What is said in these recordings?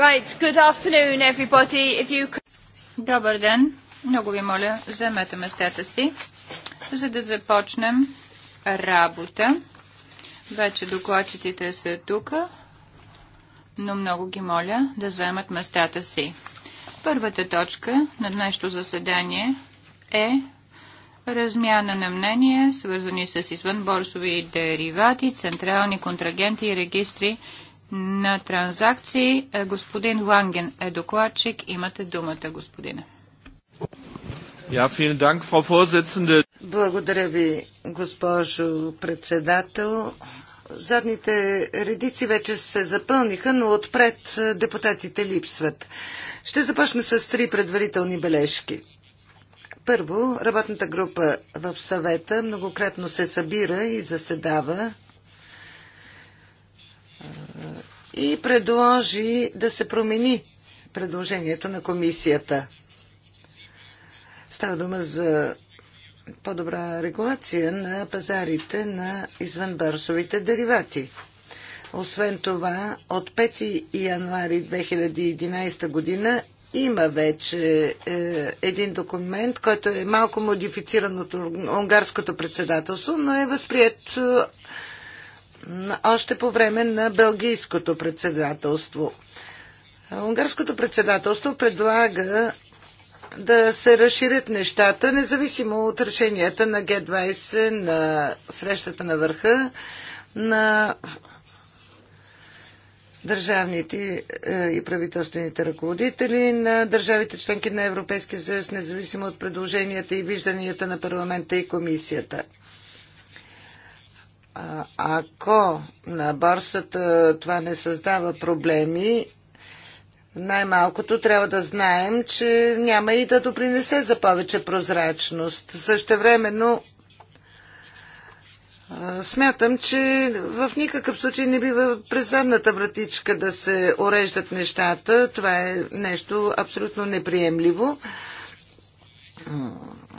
Right, good afternoon everybody. If you... Добър ден. Много ви моля, вземете местата си, за да започнем работа. Вече докладчиците са тук, но много ги моля да вземат местата си. Първата точка на днешното заседание е размяна на мнения, свързани с извънборсови деривати, централни контрагенти и регистри на транзакции. Е, господин Ланген е докладчик. Имате думата, господине. Yeah, Dank, Благодаря ви, госпожо председател. Задните редици вече се запълниха, но отпред депутатите липсват. Ще започна с три предварителни бележки. Първо, работната група в съвета многократно се събира и заседава и предложи да се промени предложението на комисията. Става дума за по-добра регулация на пазарите на извънбърсовите деривати. Освен това, от 5 януари 2011 година има вече е, един документ, който е малко модифициран от унгарското председателство, но е възприят е, още по време на Белгийското председателство. Унгарското председателство предлага да се разширят нещата, независимо от решенията на Г-20, на срещата на върха, на държавните е, и правителствените ръководители на държавите членки на Европейския съюз, независимо от предложенията и вижданията на парламента и комисията. Ако на борсата това не създава проблеми, най-малкото трябва да знаем, че няма и да допринесе за повече прозрачност. Същевременно смятам, че в никакъв случай не бива през задната вратичка да се уреждат нещата. Това е нещо абсолютно неприемливо.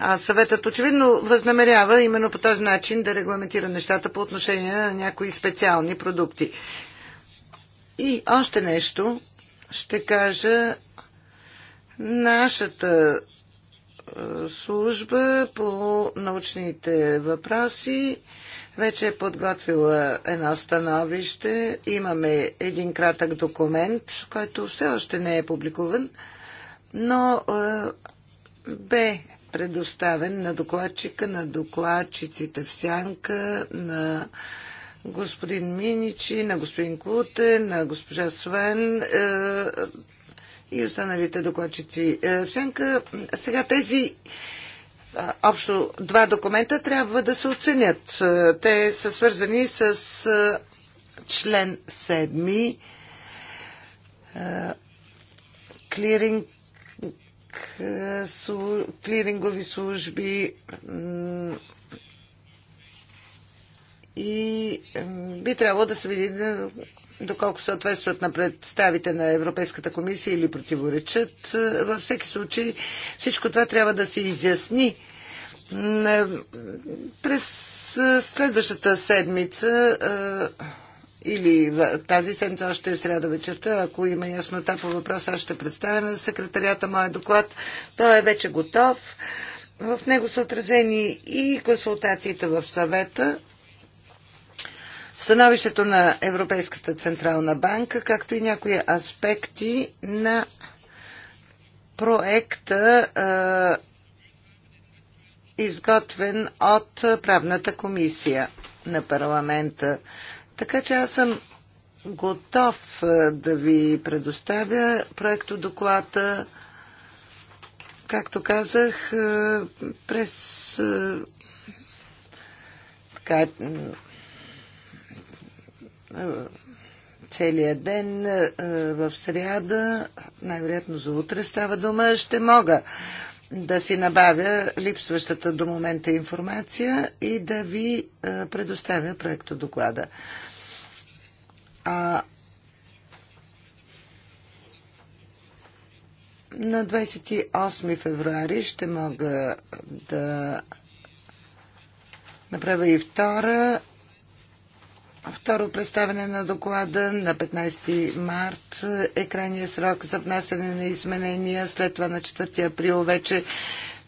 А съветът очевидно възнамерява именно по този начин да регламентира нещата по отношение на някои специални продукти. И още нещо ще кажа. Нашата е, служба по научните въпроси вече е подготвила едно становище. Имаме един кратък документ, който все още не е публикуван, но е, бе предоставен на докладчика, на докладчиците в сянка, на господин Миничи, на господин Куте, на госпожа Свен е, и останалите докладчици е, в сянка. Сега тези е, общо два документа трябва да се оценят. Е, те са свързани с член 7 клиринг е, клирингови служби и би трябвало да се види е, доколко съответстват на представите на Европейската комисия или противоречат. Е, във всеки случай всичко това трябва да се изясни. През следващата седмица или тази седмица, още и е сряда вечерта, ако има яснота по въпроса, аз ще представя на секретарията моя доклад. Той е вече готов. В него са отразени и консултациите в съвета, становището на Европейската Централна банка, както и някои аспекти на проекта, изготвен от правната комисия на парламента. Така че аз съм готов да ви предоставя проекто доклада. Както казах, през така, целият ден в сряда, най-вероятно за утре става дума, ще мога да си набавя липсващата до момента информация и да ви е, предоставя проекто доклада. А, на 28 февруари ще мога да направя и втора Второ представяне на доклада на 15 март е крайния срок за внасяне на изменения. След това на 4 април вече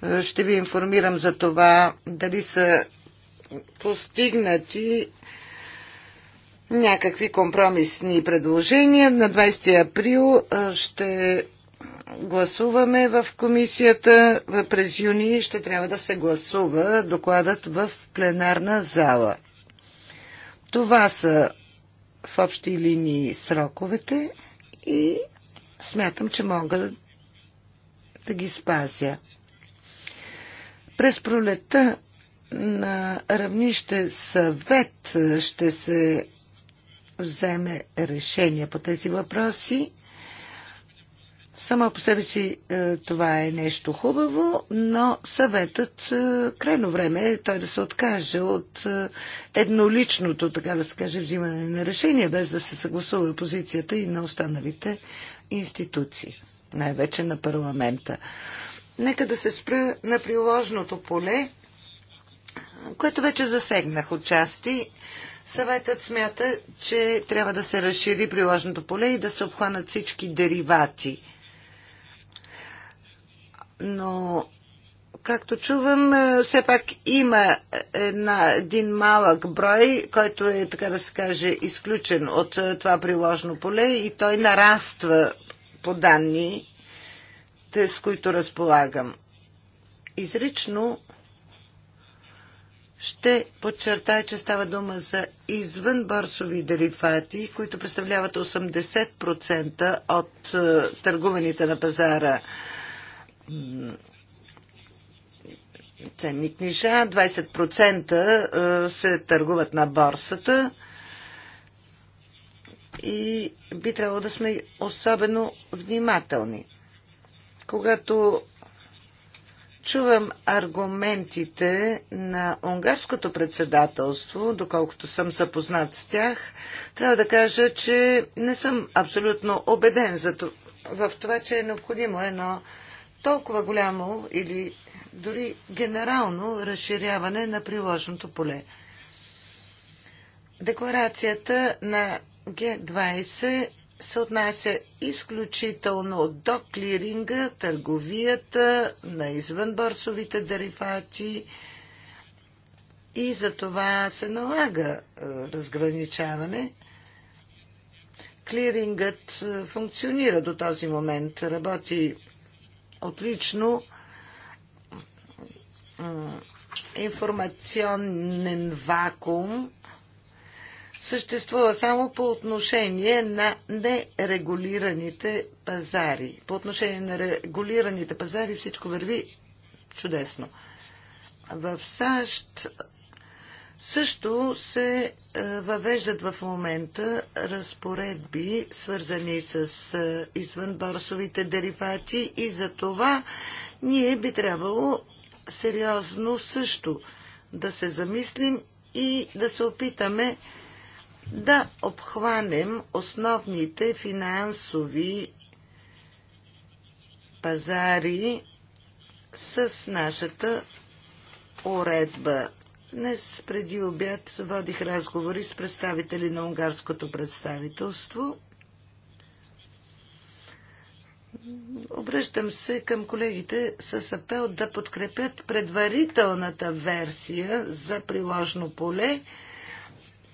е, ще ви информирам за това дали са постигнати някакви компромисни предложения. На 20 април е, ще гласуваме в комисията. През юни ще трябва да се гласува докладът в пленарна зала. Това са в общи линии сроковете и смятам, че мога да ги спазя. През пролета на равнище съвет ще се вземе решение по тези въпроси само по себе си е, това е нещо хубаво, но съветът е, крайно време е той да се откаже от е, едноличното, така да се каже, взимане на решение, без да се съгласува позицията и на останалите институции, най-вече на парламента. Нека да се спра на приложното поле, което вече засегнах отчасти. Съветът смята, че трябва да се разшири приложното поле и да се обхванат всички деривати но както чувам, е, все пак има една, един малък брой, който е, така да се каже, изключен от е, това приложно поле и той нараства по данни, с които разполагам. Изрично ще подчертая, че става дума за борсови дерифати, които представляват 80% от е, търгуваните на пазара ценни книжа, 20% е, се търгуват на борсата и би трябвало да сме особено внимателни. Когато чувам аргументите на унгарското председателство, доколкото съм запознат с тях, трябва да кажа, че не съм абсолютно убеден за в това, че е необходимо едно толкова голямо или дори генерално разширяване на приложното поле. Декларацията на Г20 се отнася изключително до клиринга, търговията на извънбърсовите дерифати и за това се налага е, разграничаване. Клирингът е, функционира до този момент, работи отлично информационен вакуум съществува само по отношение на нерегулираните пазари. По отношение на регулираните пазари всичко върви чудесно. В САЩ също се е, въвеждат в момента разпоредби, свързани с е, извънбарсовите деривати и за това ние би трябвало сериозно също да се замислим и да се опитаме да обхванем основните финансови пазари с нашата уредба. Днес преди обяд водих разговори с представители на унгарското представителство. Обръщам се към колегите с апел да подкрепят предварителната версия за приложно поле,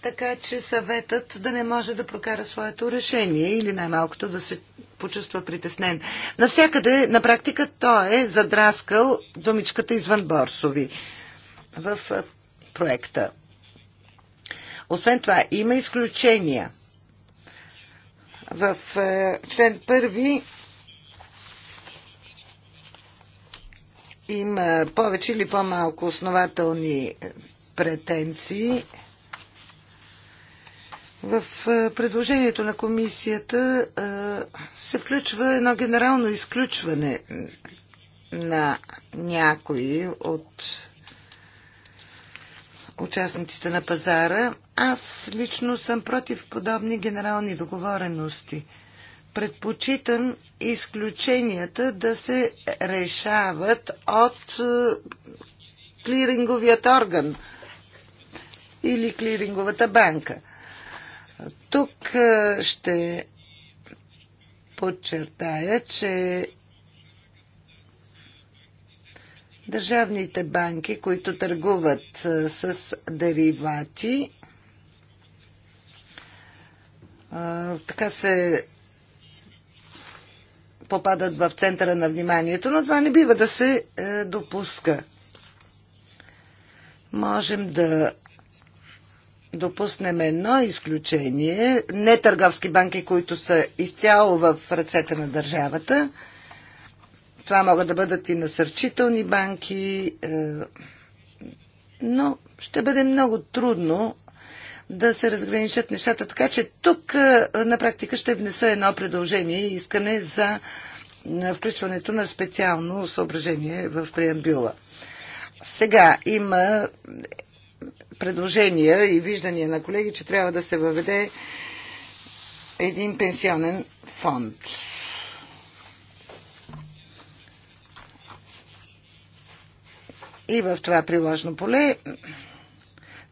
така че съветът да не може да прокара своето решение или най-малкото да се почувства притеснен. Навсякъде на практика той е задраскал думичката извън борсови. В проекта. Освен това, има изключения. В е, член първи има повече или по-малко основателни претенции. В е, предложението на комисията е, се включва едно генерално изключване на някои от участниците на пазара. Аз лично съм против подобни генерални договорености. Предпочитам изключенията да се решават от е, клиринговият орган или клиринговата банка. Тук е, ще подчертая, че Държавните банки, които търгуват с деривати, така се попадат в центъра на вниманието, но това не бива да се е, допуска. Можем да допуснем едно изключение, не търговски банки, които са изцяло в ръцете на държавата – това могат да бъдат и насърчителни банки, е, но ще бъде много трудно да се разграничат нещата. Така че тук е, на практика ще внеса едно предложение и искане за е, включването на специално съображение в преамбюла. Сега има предложения и виждания на колеги, че трябва да се въведе един пенсионен фонд. и в това приложно поле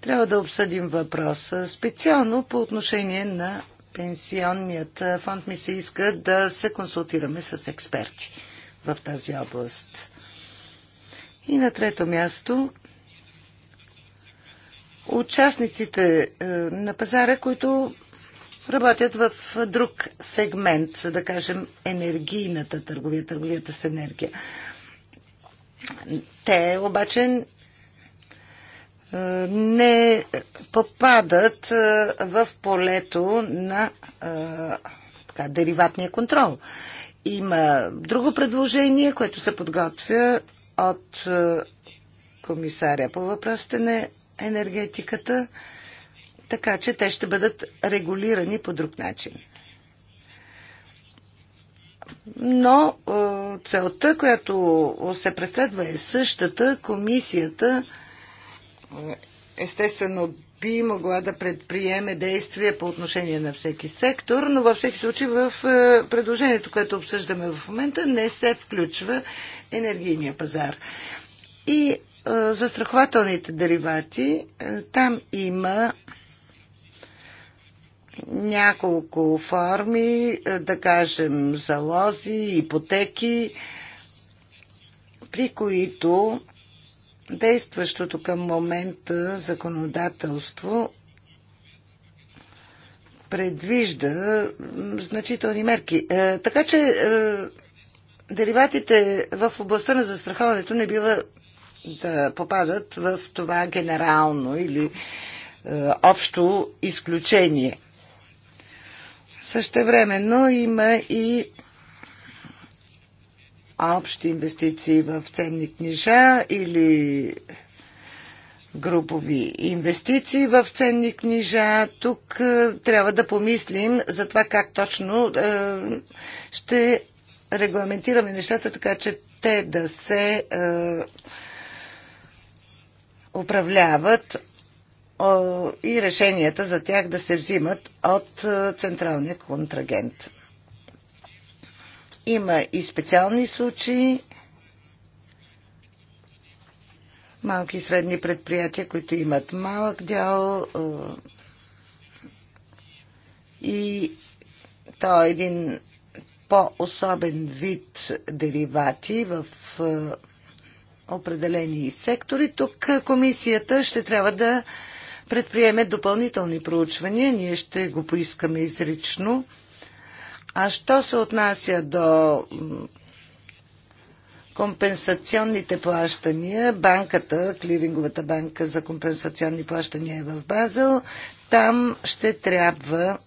трябва да обсъдим въпроса. Специално по отношение на пенсионният фонд ми се иска да се консултираме с експерти в тази област. И на трето място участниците е, на пазара, които работят в друг сегмент, да кажем енергийната търговия, търговията с енергия. Те обаче е, не попадат е, в полето на е, така, дериватния контрол. Има друго предложение, което се подготвя от комисаря по въпросите на енергетиката, така че те ще бъдат регулирани по друг начин но е, целта, която се преследва е същата. Комисията е, естествено би могла да предприеме действия по отношение на всеки сектор, но във всеки случай в е, предложението, което обсъждаме в момента, не се включва енергийния пазар. И застрахователните деривати, там има няколко форми, е, да кажем залози, ипотеки, при които действащото към момента законодателство предвижда значителни мерки. Е, така че е, дериватите в областта на застраховането не бива да попадат в това генерално или общо изключение – Същевременно има и общи инвестиции в ценни книжа или групови инвестиции в ценни книжа. Тук е, трябва да помислим за това как точно е, ще регламентираме нещата, така че те да се е, управляват и решенията за тях да се взимат от централния контрагент. Има и специални случаи, малки и средни предприятия, които имат малък дял и то е един по-особен вид деривати в определени сектори. Тук комисията ще трябва да предприеме допълнителни проучвания. Ние ще го поискаме изрично. А що се отнася до компенсационните плащания, банката, клиринговата банка за компенсационни плащания е в Базел, там ще трябва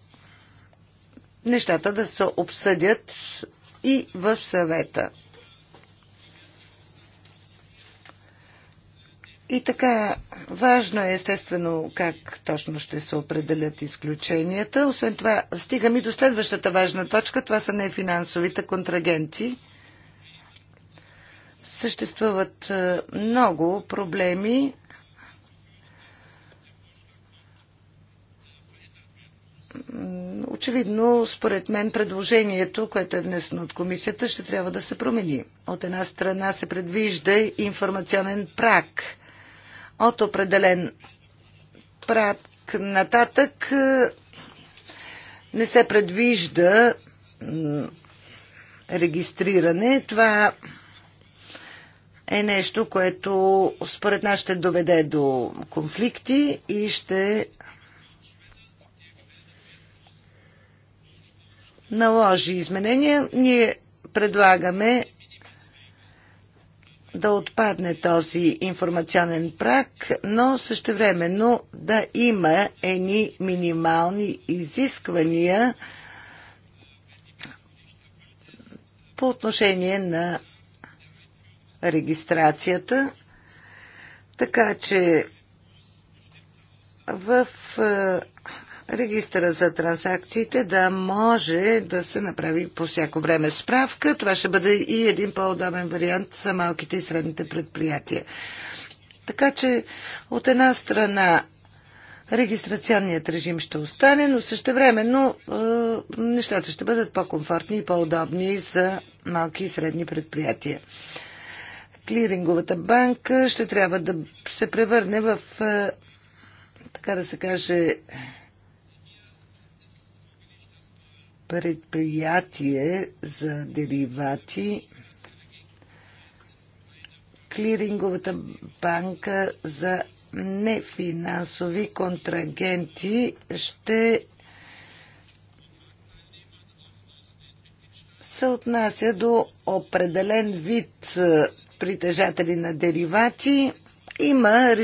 нещата да се обсъдят и в съвета. И така, важно е естествено как точно ще се определят изключенията. Освен това, стигам и до следващата важна точка. Това са нефинансовите контрагенти. Съществуват е, много проблеми. Очевидно, според мен, предложението, което е внесено от комисията, ще трябва да се промени. От една страна се предвижда информационен прак – от определен прак нататък е, не се предвижда регистриране. Това е нещо, което според нас ще доведе до конфликти и ще наложи изменения. Ние предлагаме да отпадне този информационен прак, но същевременно да има едни минимални изисквания по отношение на регистрацията, така че в е, регистъра за транзакциите да може да се направи по всяко време справка. Това ще бъде и един по-удобен вариант за малките и средните предприятия. Така че от една страна регистрационният режим ще остане, но същевременно е, нещата ще бъдат по-комфортни и по-удобни за малки и средни предприятия. Клиринговата банка ще трябва да се превърне в, е, така да се каже, предприятие за деривати клиринговата банка за нефинансови контрагенти ще се отнася до определен вид притежатели на деривати. Има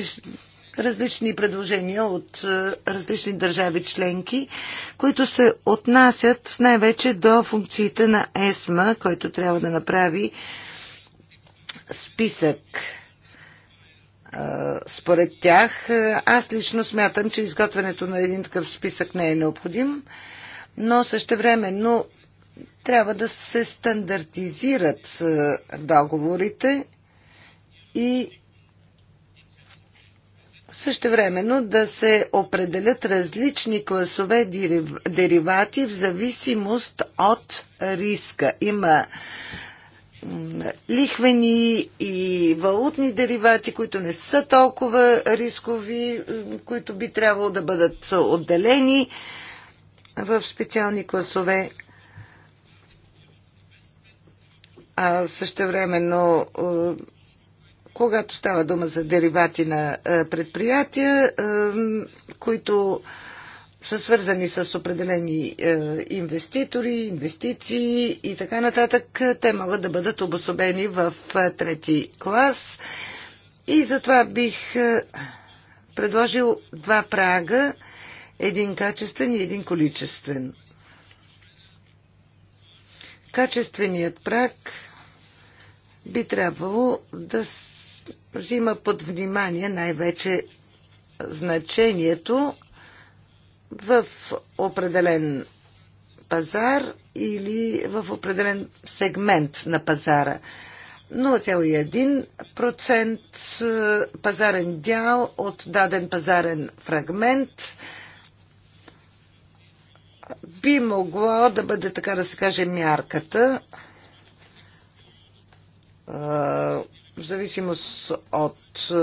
различни предложения от е, различни държави членки, които се отнасят най-вече до функциите на ЕСМА, който трябва да направи списък е, според тях. Е, аз лично смятам, че изготвянето на един такъв списък не е необходим, но същевременно трябва да се стандартизират договорите и Същевременно да се определят различни класове деривати в зависимост от риска. Има лихвени и валутни деривати, които не са толкова рискови, които би трябвало да бъдат отделени в специални класове. А същевременно когато става дума за деривати на е, предприятия, е, които са свързани с определени е, инвеститори, инвестиции и така нататък, те могат да бъдат обособени в трети клас. И затова бих предложил два прага, един качествен и един количествен. Качественият праг би трябвало да взима под внимание най-вече значението в определен пазар или в определен сегмент на пазара. 0,1% е, пазарен дял от даден пазарен фрагмент би могло да бъде, така да се каже, мярката, е, в зависимост от е,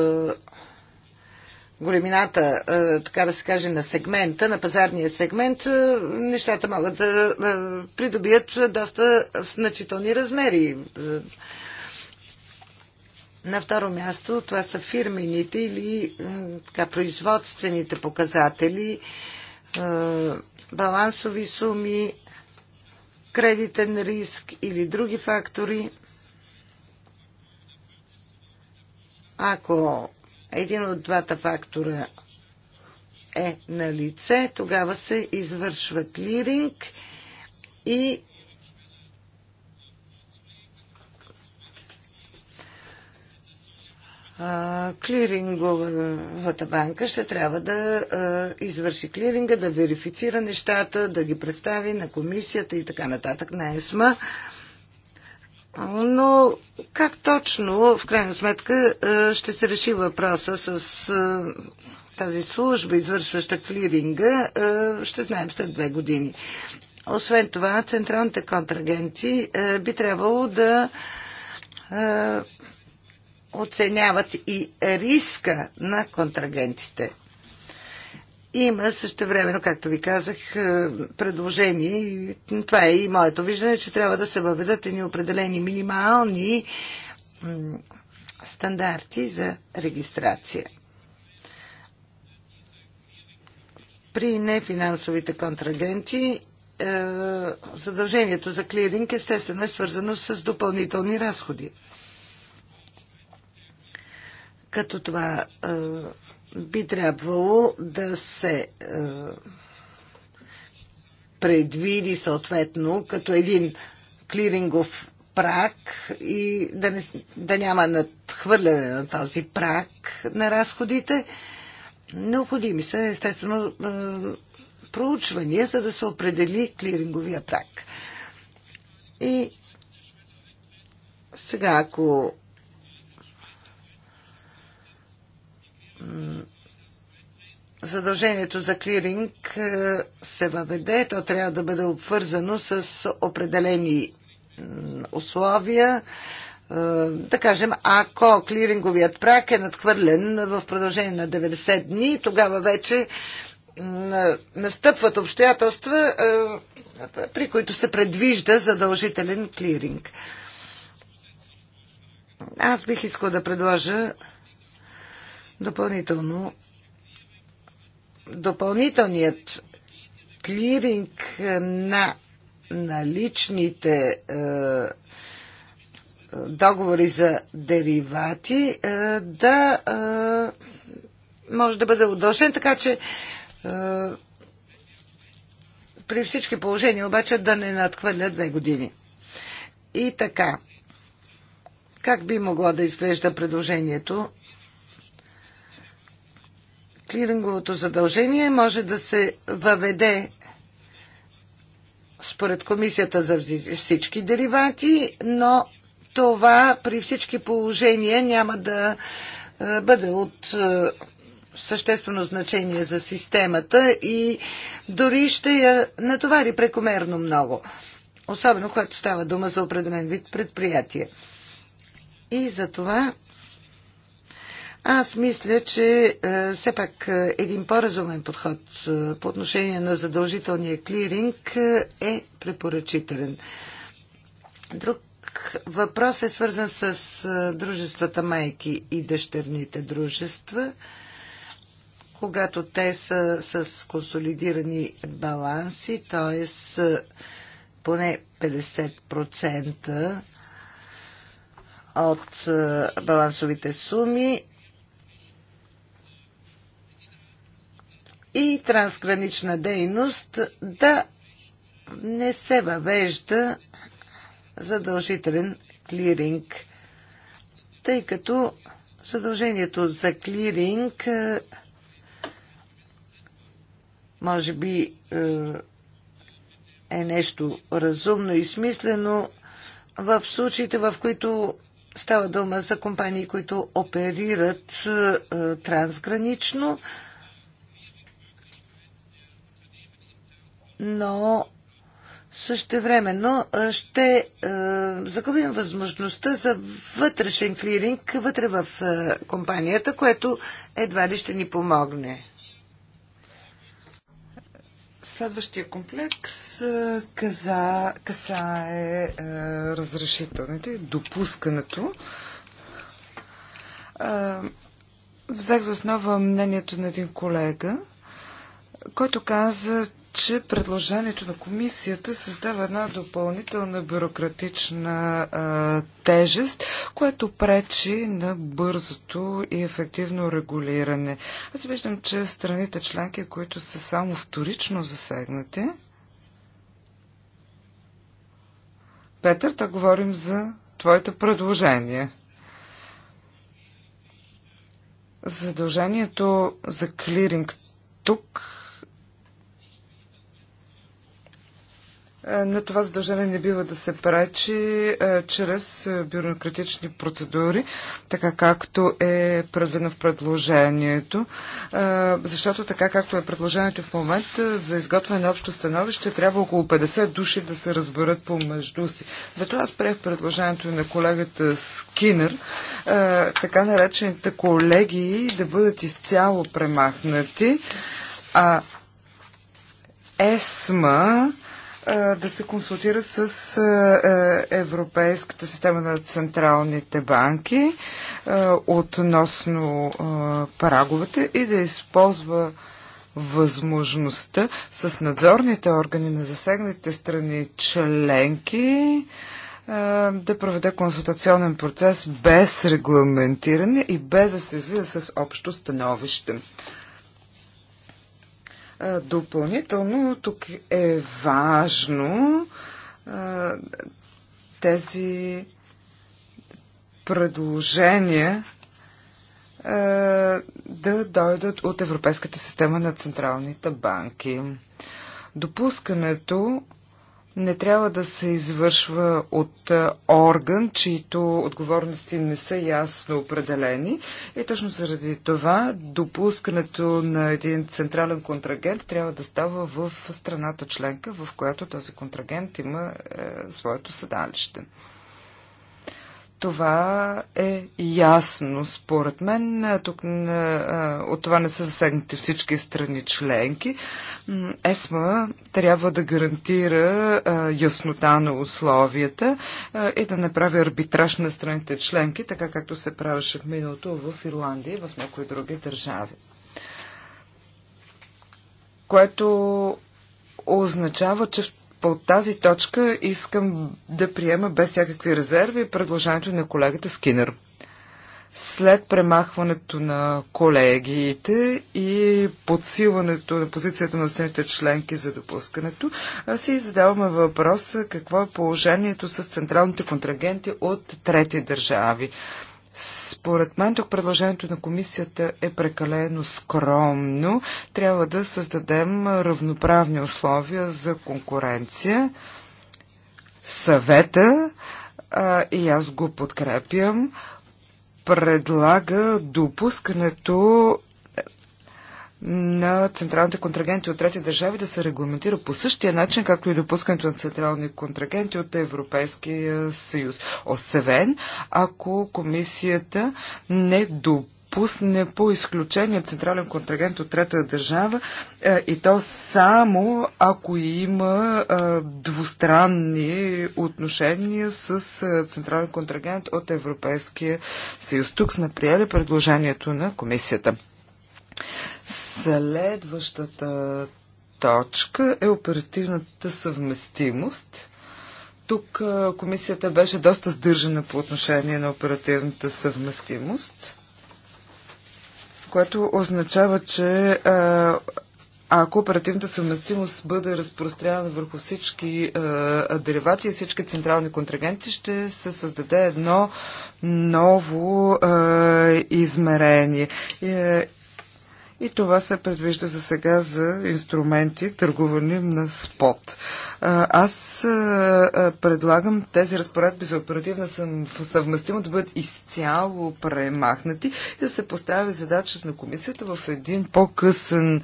големината, е, така да се каже, на сегмента, на пазарния сегмент, е, нещата могат да придобият доста значителни размери. На второ място това са фирмените или така, производствените показатели, балансови суми, кредитен риск или други фактори – Ако един от двата фактора е на лице, тогава се извършва клиринг и клиринговата банка ще трябва да извърши клиринга, да верифицира нещата, да ги представи на комисията и така нататък на ЕСМА. Но как точно, в крайна сметка, е, ще се реши въпроса с е, тази служба, извършваща клиринга, е, ще знаем след две години. Освен това, централните контрагенти би трябвало да оценяват и риска на контрагентите. Има също времено, както ви казах, е, предложение. Това е и моето виждане, че трябва да се въведат едни определени минимални стандарти за регистрация. При нефинансовите контрагенти е, задължението за клиринг естествено е свързано с допълнителни разходи. Като това е, би трябвало да се е, предвиди съответно като един клирингов прак и да, не, да няма надхвърляне на този прак на разходите. Необходими са, естествено, е, проучвания, за да се определи клиринговия прак. И сега, ако задължението за клиринг е, се въведе, то трябва да бъде обвързано с определени условия. Е, да кажем, ако клиринговият прак е надхвърлен в продължение на 90 дни, тогава вече настъпват обстоятелства, е, при които се предвижда задължителен клиринг. Аз бих искал да предложа Допълнително, допълнителният клиринг на наличните е, е, договори за деривати е, да е, може да бъде удължен, така че е, при всички положения обаче да не надхвърля две години. И така, как би могло да изглежда предложението клиринговото задължение може да се въведе според комисията за всички деривати, но това при всички положения няма да е, бъде от е, съществено значение за системата и дори ще я натовари прекомерно много. Особено, когато става дума за определен вид предприятие. И за това аз мисля, че е, все пак е, един по-разумен подход е, по отношение на задължителния клиринг е препоръчителен. Друг въпрос е свързан с дружествата майки и дъщерните дружества. Когато те са с консолидирани баланси, т.е. поне 50% от балансовите суми, и трансгранична дейност да не се въвежда задължителен клиринг, тъй като задължението за клиринг е, може би е, е нещо разумно и смислено в случаите, в които става дума за компании, които оперират е, трансгранично, но също ще е, загубим възможността за вътрешен клиринг вътре в е, компанията, което едва ли ще ни помогне. Следващия комплекс каза, касае е, разрешителните и допускането. Е, взех за основа мнението на един колега, който каза, че предложението на комисията създава една допълнителна бюрократична а, тежест, което пречи на бързото и ефективно регулиране. Аз виждам, че страните членки, които са само вторично засегнати. Петър, да говорим за твоите предложения. Задължението за клиринг тук Е, на това задължение не бива да се пречи е, чрез е, бюрократични процедури, така както е предвидено в предложението. защото така както е предложението в момента, за изготвяне на общо становище трябва около 50 души да се разберат помежду си. Затова аз приех предложението на колегата Скинер, така наречените колеги да бъдат изцяло премахнати, а ЕСМА да се консултира с Европейската система на централните банки относно праговете и да използва възможността с надзорните органи на засегнатите страни членки да проведе консултационен процес без регламентиране и без да се излиза с общо становище. Допълнително тук е важно тези предложения да дойдат от Европейската система на централните банки. Допускането не трябва да се извършва от е, орган, чието отговорности не са ясно определени. И точно заради това допускането на един централен контрагент трябва да става в страната членка, в която този контрагент има е, своето седалище. Това е ясно, според мен. Тук от това не са засегнати всички страни членки. ЕСМА трябва да гарантира яснота на условията и да направи арбитраж на страните членки, така както се правеше в миналото в Ирландия и в някои други държави. Което означава, че в по тази точка искам да приема без всякакви резерви предложението на колегата Скинер. След премахването на колегиите и подсилването на позицията на страните членки за допускането, си задаваме въпрос какво е положението с централните контрагенти от трети държави. Според мен тук предложението на комисията е прекалено скромно. Трябва да създадем равноправни условия за конкуренция. Съвета, а, и аз го подкрепям, предлага допускането на централните контрагенти от трети държави да се регламентира по същия начин, както и допускането на централни контрагенти от Европейския съюз. Освен ако комисията не допусне пусне по изключение централен контрагент от трета държава е, и то само ако има е, двустранни отношения с е, централен контрагент от Европейския съюз. Тук сме приели предложението на комисията. Следващата точка е оперативната съвместимост. Тук комисията беше доста сдържана по отношение на оперативната съвместимост, което означава, че ако оперативната съвместимост бъде разпространена върху всички а, деривати и всички централни контрагенти, ще се създаде едно ново а, измерение. И, и това се предвижда за сега за инструменти, търгувани на спот. Аз предлагам тези разпоредби за оперативна съвместима да бъдат изцяло премахнати и да се постави задача на комисията в един по-късен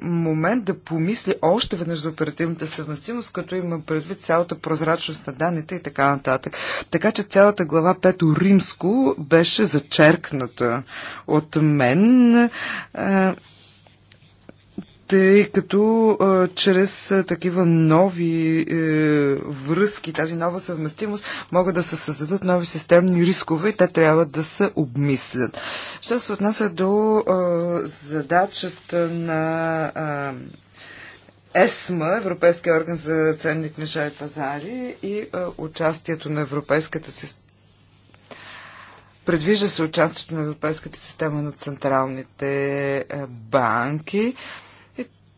момент да помисли още веднъж за оперативната съвместимост, като има предвид цялата прозрачност на данните и така нататък. Така че цялата глава Пето Римско беше зачеркната от мен тъй като а, чрез а, такива нови е, връзки, тази нова съвместимост, могат да се създадат нови системни рискове и те трябва да се обмислят. Що се отнася до а, задачата на а, ЕСМА, Европейския орган за ценни книжа и пазари и а, участието на Европейската система Предвижда се участието на Европейската система на централните е, банки. А,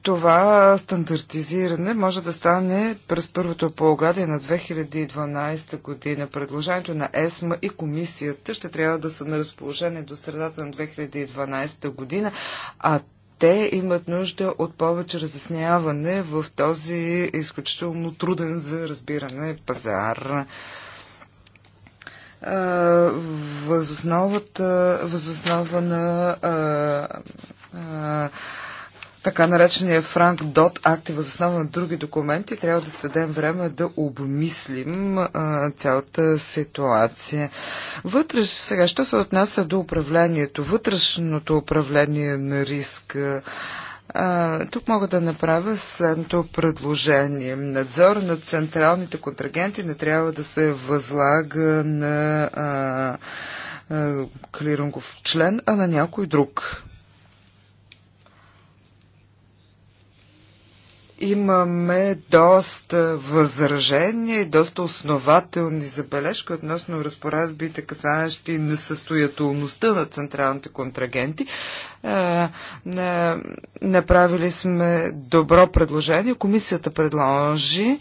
това стандартизиране може да стане през първото полугодие на 2012 година. Предложението на ЕСМА и комисията ще трябва да са на разположение до средата на 2012 година, а те имат нужда от повече разясняване в този изключително труден за разбиране пазар. Възосновата, възоснова на а, а, така наречения Франк Дот акти е въз основа на други документи, трябва да дадем време да обмислим а, цялата ситуация. Вътреш, сега, що се отнася до управлението, вътрешното управление на риска, а, тук мога да направя следното предложение. Надзор на централните контрагенти не трябва да се възлага на а, а, клирингов член, а на някой друг. имаме доста възражения и доста основателни забележки относно разпоредбите, касаещи несъстоятелността на централните контрагенти. Е, направили сме добро предложение. Комисията предложи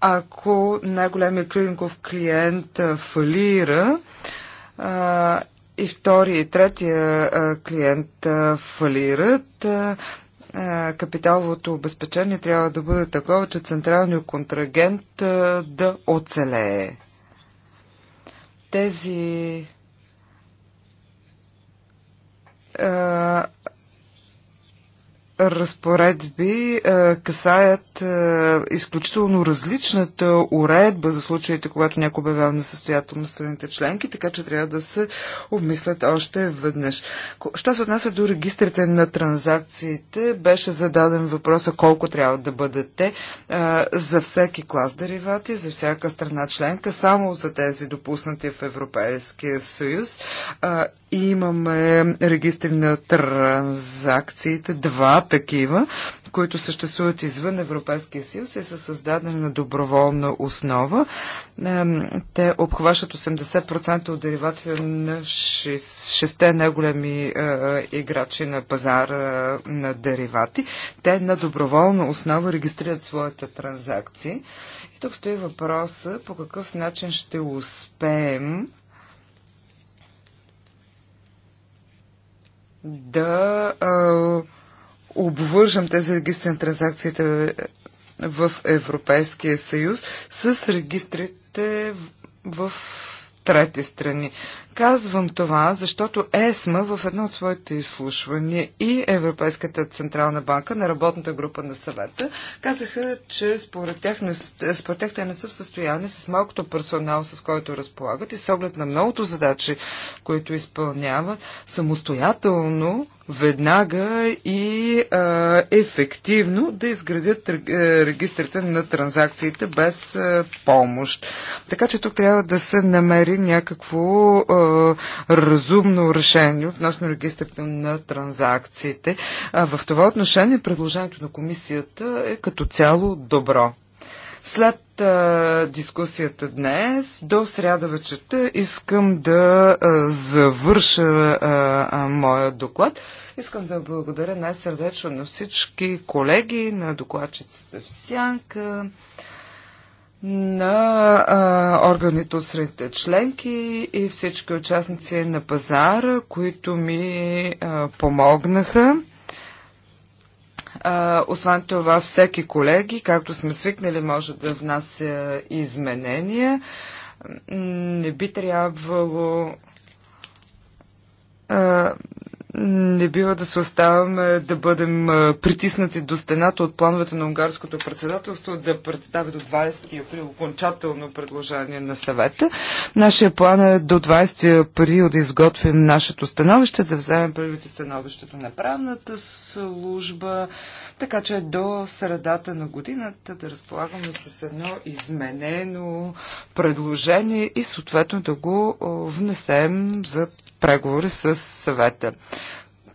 ако най-големият клиников клиент е, фалира е, и втория и третия клиент фалират, е, капиталовото обезпечение трябва да бъде такова, че централният контрагент е, да оцелее. Тези е, разпоредби а, е, касаят а, е, изключително различната уредба за случаите, когато някой обявява несъстоятелност страните членки, така че трябва да се обмислят още веднъж. Що се отнася до регистрите на транзакциите, беше зададен въпроса колко трябва да бъдат те а, е, за всеки клас деривати, за всяка страна членка, само за тези допуснати в Европейския съюз Имаме регистри на транзакциите, два такива, които съществуват извън Европейския съюз и са създадени на доброволна основа. Те обхващат 80% от дериватите на шесте най-големи е, е, играчи на пазара е, на деривати. Те на доброволна основа регистрират своите транзакции. И тук стои въпроса по какъв начин ще успеем да а, обвържам тези регистри на транзакциите в Европейския съюз с регистрите в трети страни. Казвам това, защото ЕСМА в едно от своите изслушвания и Европейската Централна банка на работната група на съвета казаха, че според тях, не, е, според тях те не са в състояние с малкото персонал, с който разполагат и с оглед на многото задачи, които изпълняват, самостоятелно веднага и а, ефективно да изградят е, регистрите на транзакциите без а, е, помощ. Така че тук трябва да се намери някакво а, разумно решение относно регистрите на транзакциите. А, в това отношение предложението на комисията е като цяло добро. След а, дискусията днес, до сряда вечерта, искам да а, завърша а, а, моя доклад. Искам да благодаря най-сърдечно на всички колеги, на докладчиците в Сянка, на а, органите от средите членки и всички участници на пазара, които ми а, помогнаха. А, освен това, всеки колеги, както сме свикнали, може да внася изменения. Не би трябвало не бива да се оставаме да бъдем притиснати до стената от плановете на унгарското председателство да представи до 20 април окончателно предложение на съвета. Нашия план е до 20 април да изготвим нашето становище, да вземем първите становището на правната служба, така че до средата на годината да разполагаме с едно изменено предложение и съответно да го внесем за преговори с съвета.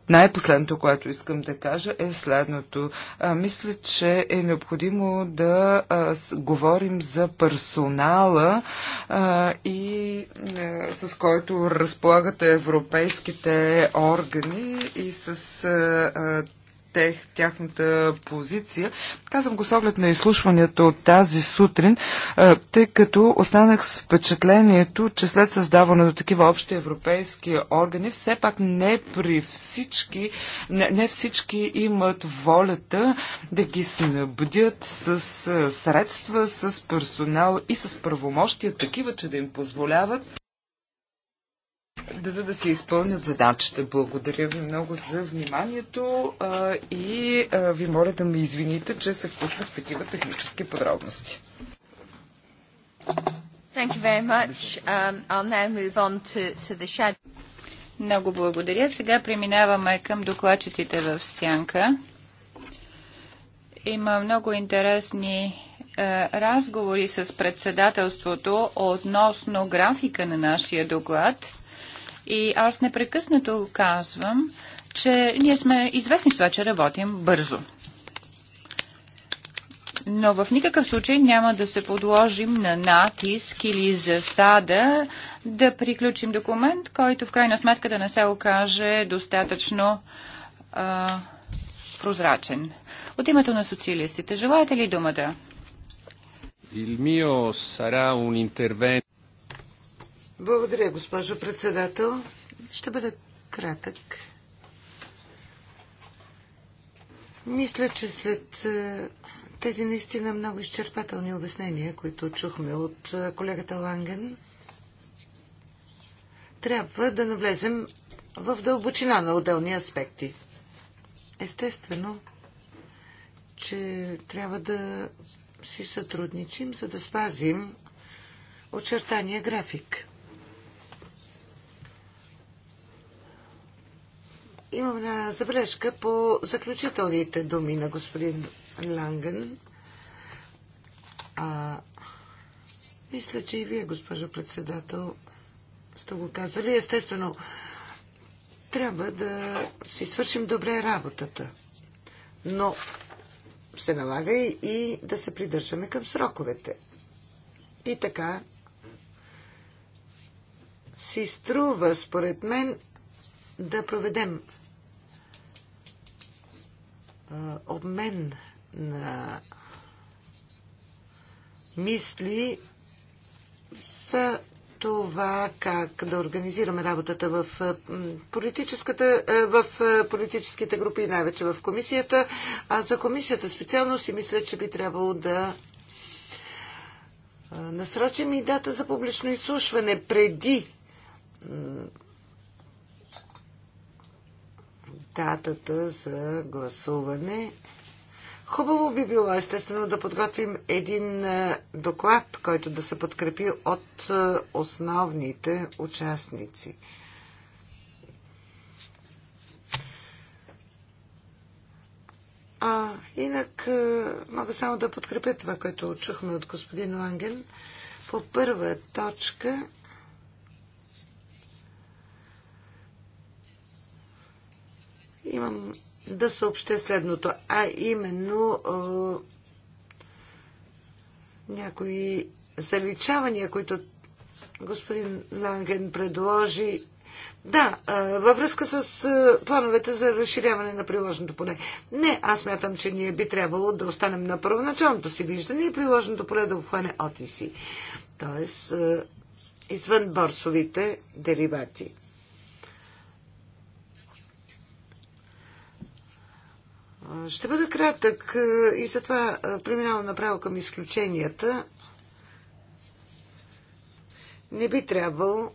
Най-последното, което искам да кажа е следното. А, мисля, че е необходимо да а, с, говорим за персонала а, и а, с който разполагат европейските органи и с а, а, тех, тяхната позиция. Казвам го с оглед на изслушването от тази сутрин, тъй като останах с впечатлението, че след създаването на такива общи европейски органи, все пак не при всички, не, не всички имат волята да ги снабдят с средства, с персонал и с правомощия такива, че да им позволяват за да се изпълнят задачите. Благодаря ви много за вниманието а, и а, ви моля да ме извините, че се впуснах в такива технически подробности. Thank you very much. Um, I'll now move on to, to the shadow. Много благодаря. Сега преминаваме към докладчиците в Сянка. Има много интересни е, разговори с председателството относно графика на нашия доклад. И аз непрекъснато казвам, че ние сме известни с това, че работим бързо. Но в никакъв случай няма да се подложим на натиск или засада да приключим документ, който в крайна сметка да не се окаже достатъчно а, прозрачен. От името на социалистите, желаете ли думата? Il mio sarà un intervento. Благодаря, госпожо председател. Ще бъда кратък. Мисля, че след е, тези наистина много изчерпателни обяснения, които чухме от е, колегата Ланген, трябва да навлезем в дълбочина на отделни аспекти. Естествено, че трябва да си сътрудничим, за да спазим очертания график. Имам една забележка по заключителните думи на господин Ланген. А, мисля, че и вие, госпожо председател, сте го казали. Естествено, трябва да си свършим добре работата. Но се налага и да се придържаме към сроковете. И така си струва, според мен, да проведем обмен на мисли за това как да организираме работата в, политическата, в политическите групи и най-вече в комисията. А за комисията специално си мисля, че би трябвало да насрочим и дата за публично изслушване преди датата за гласуване. Хубаво би било, естествено, да подготвим един доклад, който да се подкрепи от основните участници. А, инак мога само да подкрепя това, което чухме от господин Ланген. По първа точка имам да съобща следното, а именно някои заличавания, които господин Ланген предложи. Да, във връзка с плановете за разширяване на приложното поле. Не, аз мятам, че ние би трябвало да останем на първоначалното си виждане и приложното поле да обхване отиси. Тоест, извън борсовите деривати. Ще бъда кратък е, и затова е, преминавам направо към изключенията. Не би трябвало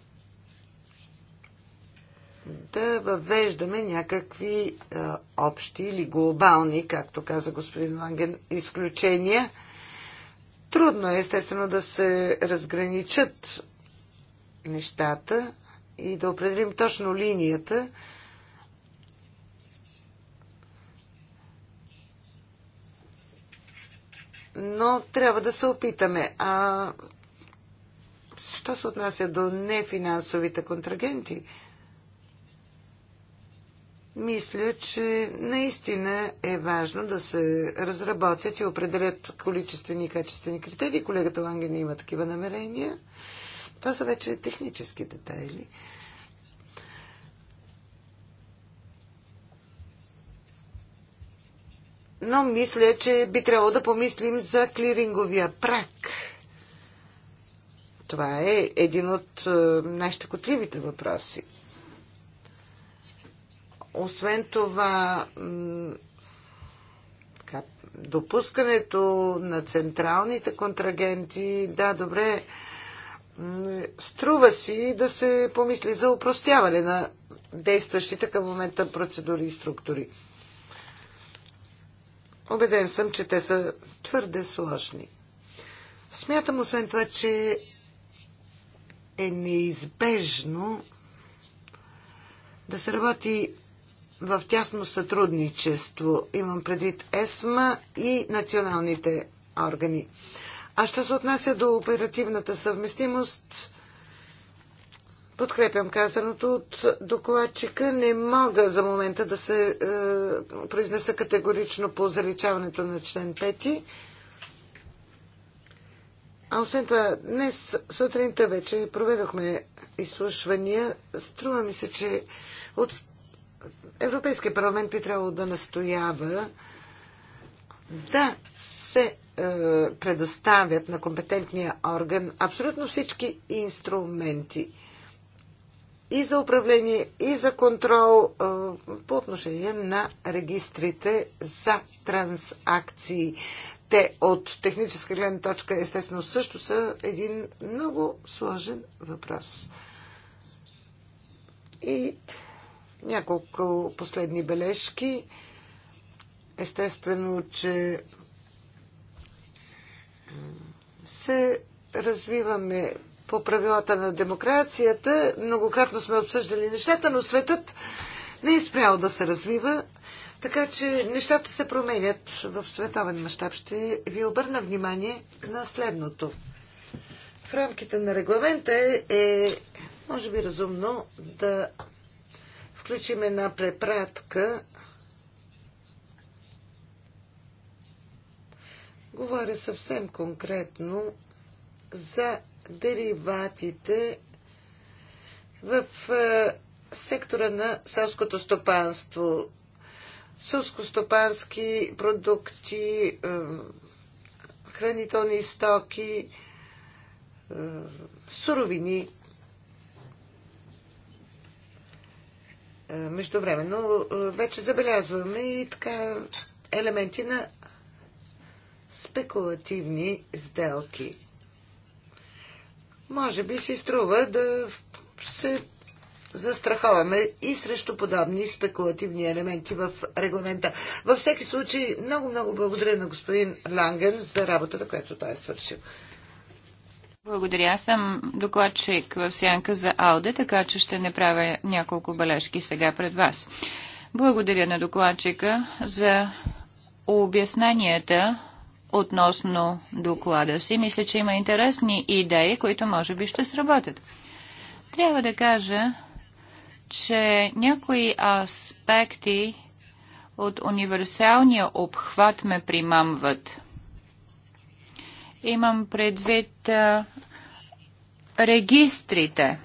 да въвеждаме някакви е, общи или глобални, както каза господин Ланген, изключения. Трудно е, естествено, да се разграничат нещата и да определим точно линията, но трябва да се опитаме. А що се отнася до нефинансовите контрагенти? Мисля, че наистина е важно да се разработят и определят количествени и качествени критерии. Колегата Ланген има такива намерения. Това са вече технически детайли. но мисля, че би трябвало да помислим за клиринговия прак. Това е един от е, най-щекотливите въпроси. Освен това, допускането на централните контрагенти, да, добре, струва си да се помисли за упростяване на действащите към момента процедури и структури. Обеден съм, че те са твърде сложни. Смятам освен това, че е неизбежно да се работи в тясно сътрудничество. Имам предвид ЕСМА и националните органи. А що се отнася до оперативната съвместимост, Подкрепям казаното от докладчика. Не мога за момента да се е, произнеса категорично по заличаването на член 5. А освен това, днес сутринта вече проведохме изслушвания. Струва ми се, че от Европейския парламент би трябвало да настоява да се е, предоставят на компетентния орган абсолютно всички инструменти и за управление, и за контрол по отношение на регистрите за трансакции. Те от техническа гледна точка естествено също са един много сложен въпрос. И няколко последни бележки. Естествено, че се развиваме по правилата на демокрацията. Многократно сме обсъждали нещата, но светът не е спрял да се развива. Така че нещата се променят в световен мащаб. Ще ви обърна внимание на следното. В рамките на регламента е, е може би, разумно да включим една препратка. Говоря съвсем конкретно за дериватите в е, сектора на селското стопанство. Селскостопански продукти, е, хранителни стоки, е, суровини. Междувременно вече забелязваме и така елементи на спекулативни сделки. Може би си струва да се застраховаме и срещу подобни спекулативни елементи в регламента. Във всеки случай, много-много благодаря на господин Ланген за работата, която той е свършил. Благодаря. Аз съм докладчик в сянка за Ауде, така че ще не правя няколко бележки сега пред вас. Благодаря на докладчика за обясненията относно доклада си. Мисля, че има интересни идеи, които може би ще сработят. Трябва да кажа, че някои аспекти от универсалния обхват ме примамват. Имам предвид а, регистрите.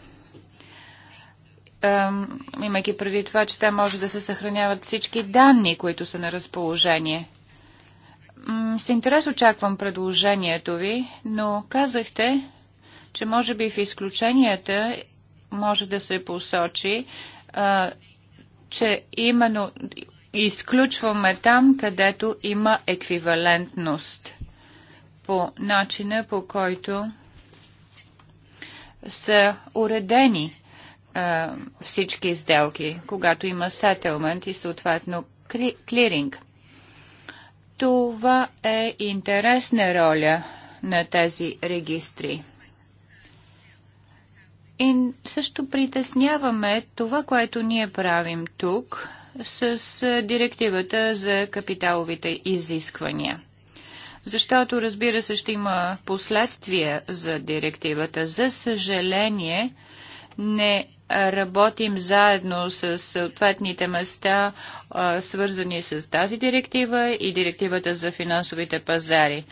имайки преди това, че те може да се съхраняват всички данни, които са на разположение с интерес очаквам предложението ви, но казахте, че може би в изключенията може да се посочи, а, че именно изключваме там, където има еквивалентност по начина по който са уредени а, всички сделки, когато има сетълмент и съответно клиринг. Това е интересна роля на тези регистри. И също притесняваме това, което ние правим тук с директивата за капиталовите изисквания. Защото, разбира се, ще има последствия за директивата. За съжаление, не работим заедно с съответните места, свързани с тази директива и директивата за финансовите пазари.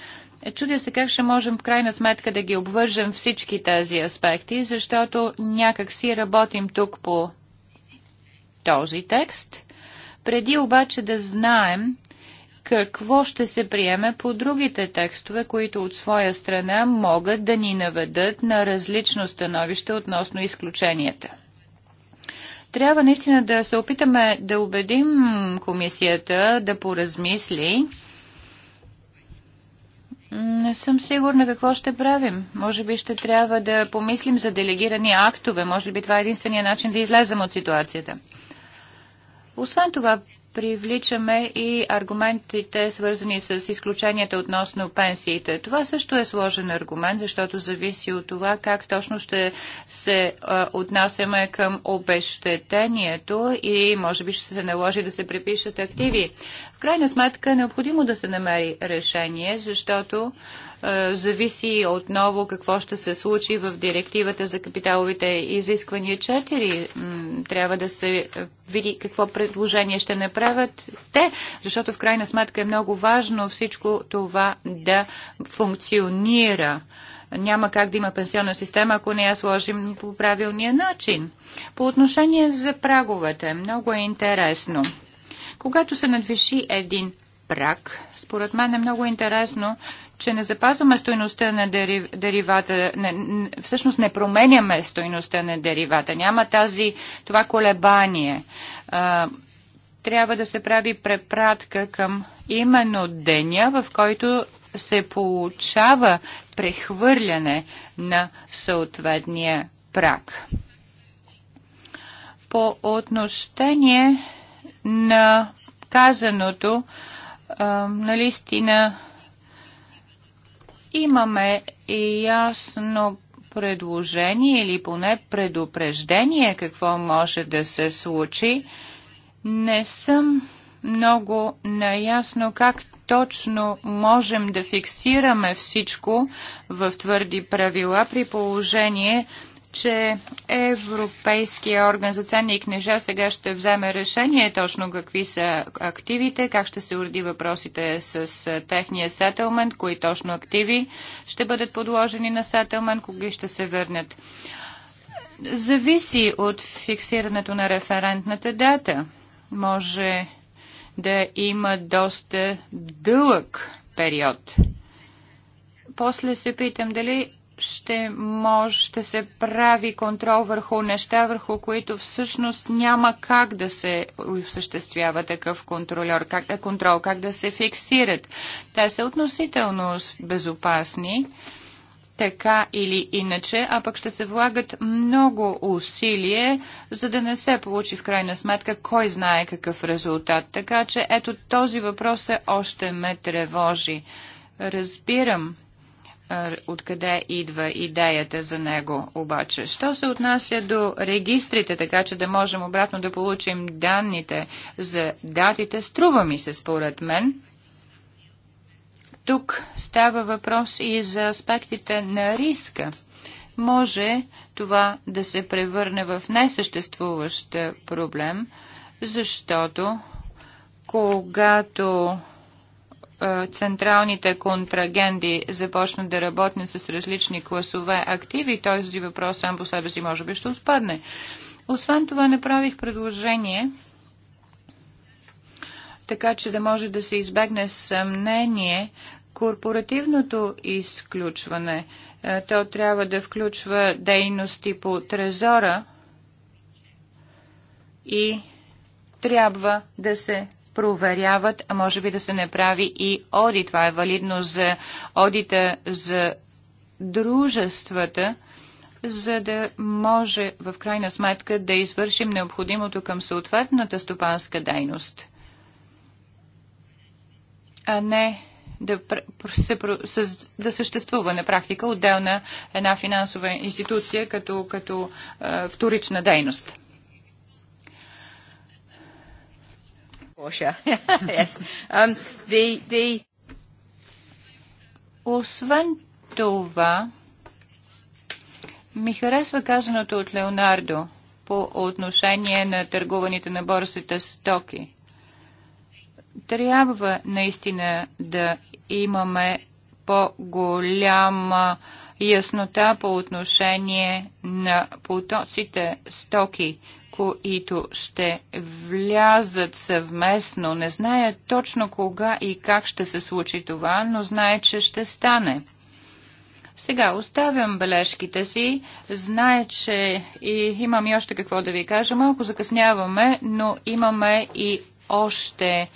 Е, чудя се как ще можем в крайна сметка да ги обвържем всички тези аспекти, защото някак си работим тук по този текст. Преди обаче да знаем какво ще се приеме по другите текстове, които от своя страна могат да ни наведат на различно становище относно изключенията. Трябва наистина да се опитаме да убедим комисията да поразмисли. Не съм сигурна какво ще правим. Може би ще трябва да помислим за делегирани актове. Може би това е единствения начин да излезем от ситуацията. Освен това, привличаме и аргументите, свързани с изключенията относно пенсиите. Това също е сложен аргумент, защото зависи от това как точно ще се а, отнасяме към обещетението и може би ще се наложи да се препишат активи. В крайна сметка е необходимо да се намери решение, защото е, зависи отново какво ще се случи в директивата за капиталовите изисквания 4. Трябва да се види какво предложение ще направят те, защото в крайна сметка е много важно всичко това да функционира няма как да има пенсионна система, ако не я сложим по правилния начин. По отношение за праговете, много е интересно. Когато се надвиши един праг, според мен е много интересно че не запазваме стоеността на дерив, деривата, не, всъщност не променяме стоеността на деривата. Няма тази, това колебание. А, трябва да се прави препратка към именно деня, в който се получава прехвърляне на съответния прак. По отношение на казаното, а, на листина имаме ясно предложение или поне предупреждение какво може да се случи. Не съм много наясно как точно можем да фиксираме всичко в твърди правила при положение, че Европейския орган за ценни книжа сега ще вземе решение точно какви са активите, как ще се уреди въпросите с техния сетълмент, кои точно активи ще бъдат подложени на сетълмент, коги ще се върнат. Зависи от фиксирането на референтната дата. Може да има доста дълъг период. После се питам дали ще може, ще се прави контрол върху неща, върху които всъщност няма как да се осъществява такъв контролер, как, е, контрол, как да се фиксират. Те са относително безопасни, така или иначе, а пък ще се влагат много усилие, за да не се получи в крайна сметка кой знае какъв резултат. Така че ето този въпрос е още ме тревожи. Разбирам, откъде идва идеята за него обаче. Що се отнася до регистрите, така че да можем обратно да получим данните за датите, струва ми се според мен. Тук става въпрос и за аспектите на риска. Може това да се превърне в несъществуващ проблем, защото когато е, централните контрагенди започнат да работят с различни класове активи, този въпрос сам по себе си може би ще отпадне. Освен това направих предложение, така че да може да се избегне съмнение корпоративното изключване. Е, то трябва да включва дейности по трезора и трябва да се проверяват, а може би да се направи и оди. Това е валидно за одита за дружествата, за да може в крайна сметка да извършим необходимото към съответната стопанска дейност, а не да, се, да съществува на практика отделна една финансова институция като, като е, вторична дейност. Russia. yes. Um, the, the... Освен това, ми харесва казаното от Леонардо по отношение на търгуваните на борсата стоки. Трябва наистина да имаме по-голяма яснота по отношение на потоците стоки, които ще влязат съвместно. Не зная точно кога и как ще се случи това, но знае, че ще стане. Сега оставям бележките си. Знае, че и имам и още какво да ви кажа. Малко закъсняваме, но имаме и още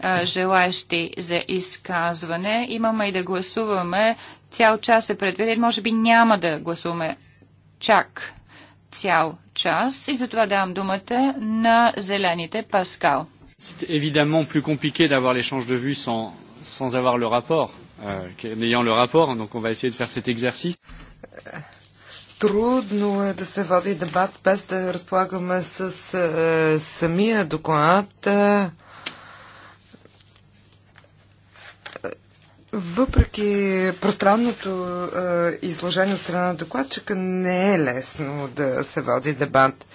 а, желаещи за изказване. Имаме и да гласуваме. Цял час е предвиден. Може би няма да гласуваме чак цял час и затова давам думата на зелените Паскал. C'est évidemment plus compliqué d'avoir l'échange de vues sans, sans avoir le rapport, euh, n'ayant le rapport, donc on va essayer de faire cet exercice. Трудно е да се води дебат без да разполагаме с самия доклад. Въпреки пространното е, изложение от страна на докладчика, не е лесно да се води дебат.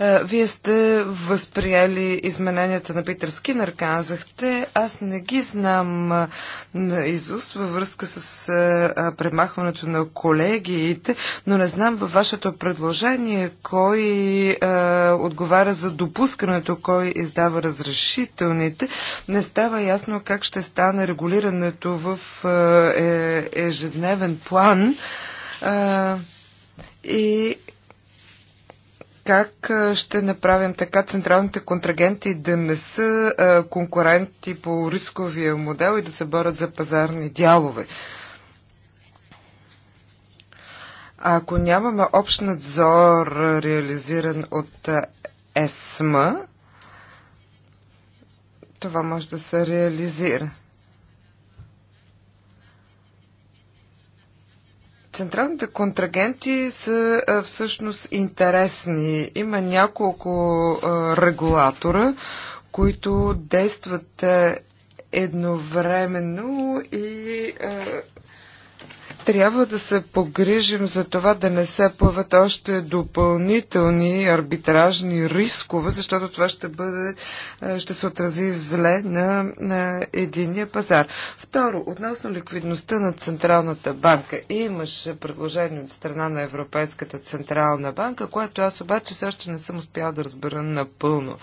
Е, вие сте възприели измененията на Питър Скинър, казахте. Аз не ги знам на изуст във връзка с премахването на колегиите, но не знам във вашето предложение кой а, отговаря за допускането, кой издава разрешителните. Не става ясно как ще стане регулирането в е, ежедневен план. А, и как ще направим така централните контрагенти да не са конкуренти по рисковия модел и да се борят за пазарни дялове. А ако нямаме общ надзор, реализиран от ЕСМА, това може да се реализира. Централните контрагенти са а, всъщност интересни. Има няколко а, регулатора, които действат едновременно и а, трябва да се погрижим за това да не се плъват още допълнителни арбитражни рискове, защото това ще, бъде, е, ще се отрази зле на, на единия пазар. Второ, относно ликвидността на Централната банка. Имаше предложение от страна на Европейската Централна банка, което аз обаче все още не съм успял да разбера напълно.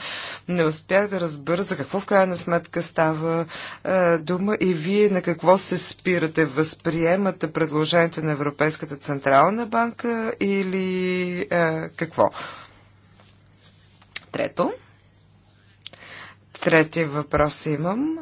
Не успях да разбера за какво в крайна сметка става е, дума и вие на какво се спирате. Възприемате пред предложението на Европейската централна банка или е, какво? Трето. Трети въпрос имам.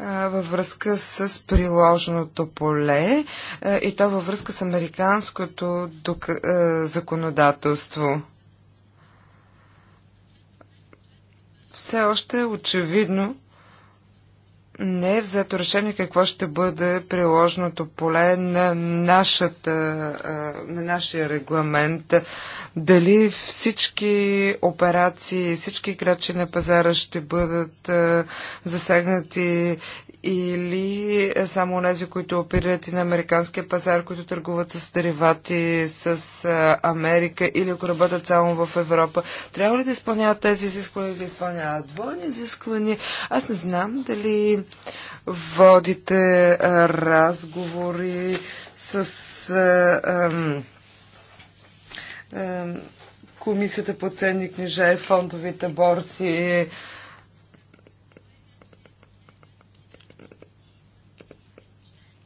Е, във връзка с приложеното поле е, и то във връзка с американското е, законодателство. все още е очевидно не е взето решение какво ще бъде приложното поле на, нашата, на нашия регламент. Дали всички операции, всички крачи на пазара ще бъдат засегнати или само тези, които оперират и на американския пазар, които търгуват с деривати с Америка или ако работят само в Европа. Трябва ли да изпълняват тези изисквания, да изпълняват двойни изисквания? Аз не знам дали водите разговори с а, а, а, Комисията по ценни книжа и фондовите борси. А,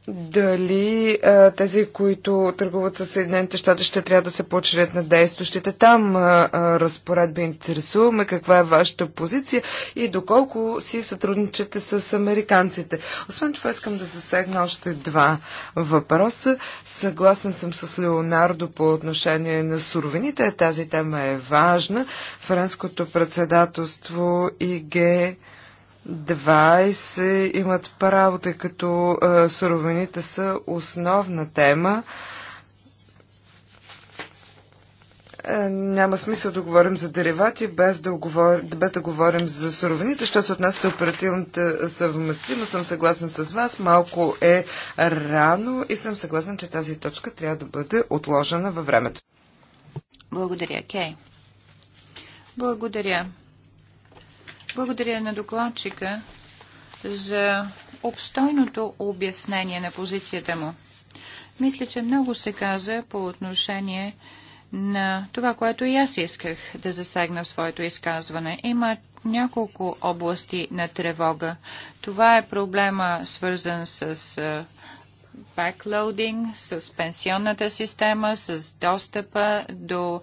дали а, тези, които търгуват със Съединените щати, ще трябва да се почерят на действащите там а, а, разпоредби. Интересуваме каква е вашата позиция и доколко си сътрудничате с американците. Освен това искам да засегна още два въпроса. Съгласен съм с Леонардо по отношение на суровините. Тази тема е важна. Френското председателство и ге... 20 имат право, тъй като а, е, суровините са основна тема. Е, няма смисъл да говорим за деривати, без да, оговор... без да говорим за суровините. Що се отнася до оперативната съвместимост, съм съгласен с вас. Малко е рано и съм съгласен, че тази точка трябва да бъде отложена във времето. Благодаря, Кей. Okay. Благодаря. Благодаря на докладчика за обстойното обяснение на позицията му. Мисля, че много се каза по отношение на това, което и аз исках да засегна в своето изказване. Има няколко области на тревога. Това е проблема свързан с баклоудинг, с пенсионната система, с достъпа до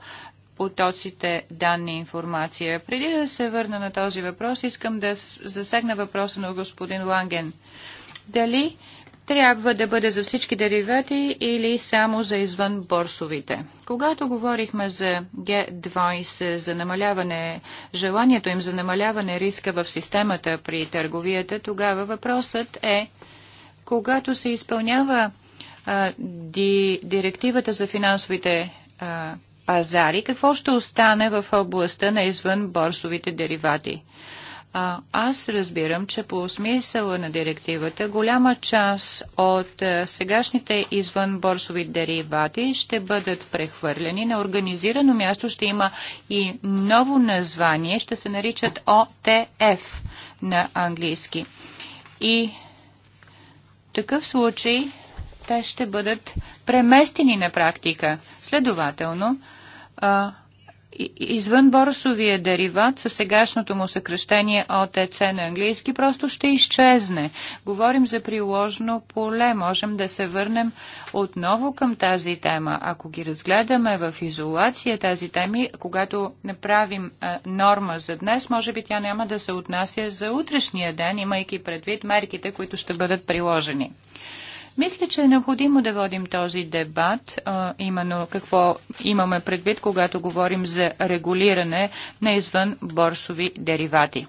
потоците данни и информация. Преди да се върна на този въпрос, искам да засегна въпроса на господин Ланген. Дали трябва да бъде за всички деривати или само за извън борсовите. Когато говорихме за g 20 за намаляване, желанието им за намаляване риска в системата при търговията, тогава въпросът е, когато се изпълнява а, ди, директивата за финансовите а, пазари, какво ще остане в областта на извън борсовите деривати? А, аз разбирам, че по смисъла на директивата голяма част от а, е, сегашните извънборсови деривати ще бъдат прехвърлени. На организирано място ще има и ново название, ще се наричат ОТФ на английски. И в такъв случай те ще бъдат преместени на практика. Следователно, извън борсовия дериват със сегашното му съкръщение ОТЦ на английски просто ще изчезне. Говорим за приложно поле. Можем да се върнем отново към тази тема. Ако ги разгледаме в изолация тази теми, когато направим а, норма за днес, може би тя няма да се отнася за утрешния ден, имайки предвид мерките, които ще бъдат приложени. Мисля, че е необходимо да водим този дебат, а, именно какво имаме предвид, когато говорим за регулиране на извън борсови деривати.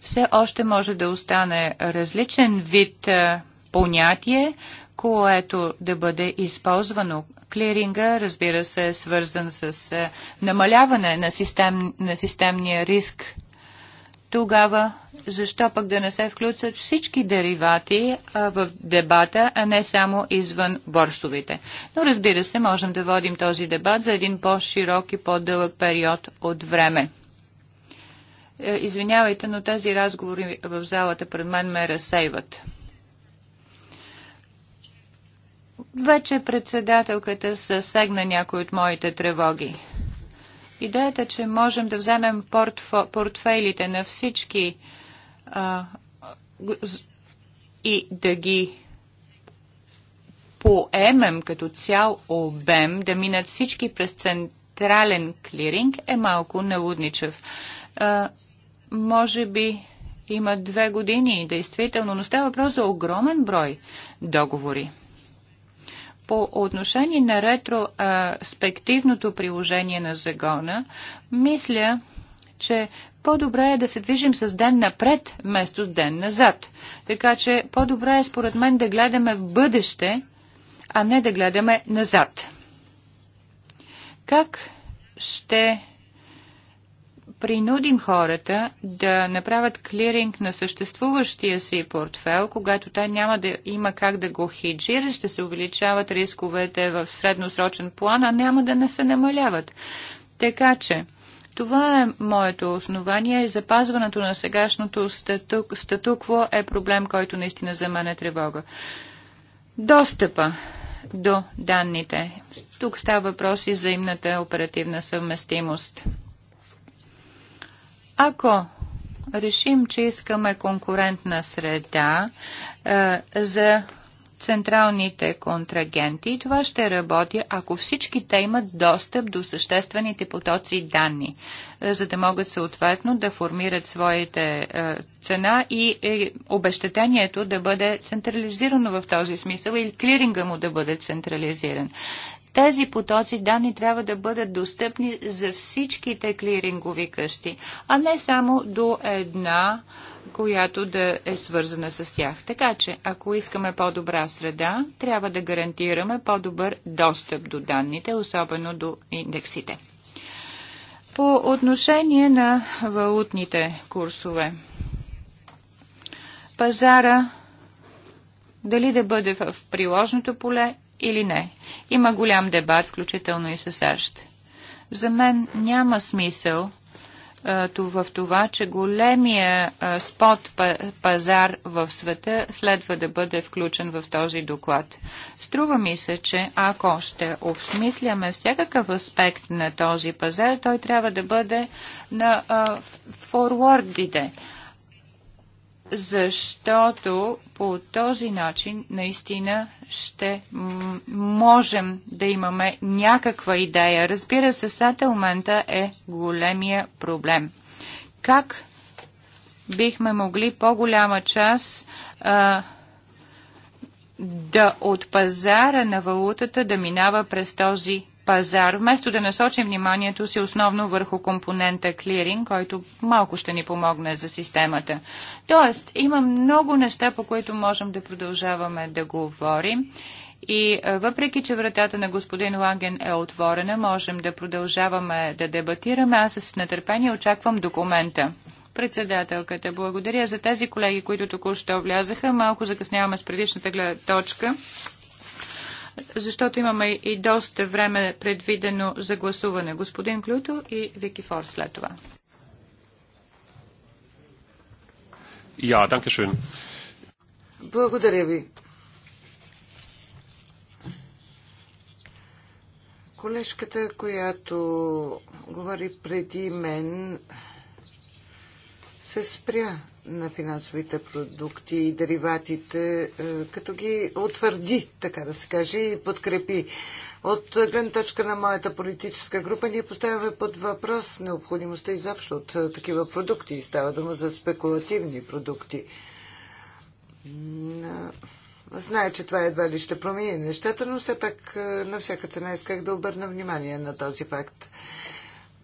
Все още може да остане различен вид а, понятие, което да бъде използвано. Клиринга, разбира се, е свързан с намаляване на, систем, на системния риск тогава защо пък да не се включат всички деривати а, в дебата, а не само извън борсовите. Но разбира се, можем да водим този дебат за един по-широк и по-дълъг период от време. Е, извинявайте, но тези разговори в залата пред мен ме разсейват. Вече председателката съсегна някои от моите тревоги. Идеята, че можем да вземем портф... портфейлите на всички а, и да ги поемем като цял обем, да минат всички през централен клиринг, е малко налудничев. А, може би има две години, действително, но става въпрос за огромен брой договори по отношение на ретроспективното приложение на загона, мисля, че по-добре е да се движим с ден напред, вместо с ден назад. Така че по-добре е според мен да гледаме в бъдеще, а не да гледаме назад. Как ще принудим хората да направят клиринг на съществуващия си портфел, когато те няма да има как да го хиджира, ще се увеличават рисковете в средносрочен план, а няма да не се намаляват. Така че, това е моето основание и запазването на сегашното статук, статукво е проблем, който наистина за мен е тревога. Достъпа до данните. Тук става въпрос и взаимната оперативна съвместимост. Ако решим, че искаме конкурентна среда е, за централните контрагенти това ще работи, ако всички те имат достъп до съществените потоци данни, е, за да могат съответно да формират своите е, цена и е, обещетението да бъде централизирано в този смисъл или клиринга му да бъде централизиран. Тези потоци данни трябва да бъдат достъпни за всичките клирингови къщи, а не само до една, която да е свързана с тях. Така че, ако искаме по-добра среда, трябва да гарантираме по-добър достъп до данните, особено до индексите. По отношение на валутните курсове, пазара дали да бъде в приложното поле или не. Има голям дебат, включително и с САЩ. За мен няма смисъл в това, че големия спот пазар в света следва да бъде включен в този доклад. Струва ми се, че ако ще обсмисляме всякакъв аспект на този пазар, той трябва да бъде на форвардите, защото по този начин наистина ще можем да имаме някаква идея. Разбира се, сателмента е големия проблем. Как бихме могли по-голяма част а, да от пазара на валутата да минава през този пазар, вместо да насочим вниманието си основно върху компонента клиринг, който малко ще ни помогне за системата. Тоест, има много неща, по които можем да продължаваме да говорим. И е, въпреки, че вратата на господин Ланген е отворена, можем да продължаваме да дебатираме. Аз с нетърпение очаквам документа. Председателката, благодаря за тези колеги, които току-що влязаха. Малко закъсняваме с предишната точка защото имаме и доста време предвидено за гласуване. Господин Клюто и Вики Фор след това. Ja, danke schön. Благодаря ви. Колежката, която говори преди мен, се спря на финансовите продукти и дериватите, е, като ги утвърди, така да се каже, и подкрепи. От гледна точка на моята политическа група ние поставяме под въпрос необходимостта изобщо от е, такива продукти. става дума за спекулативни продукти. Зная, че това едва ли ще промени нещата, но все пак е, на всяка цена исках да обърна внимание на този факт.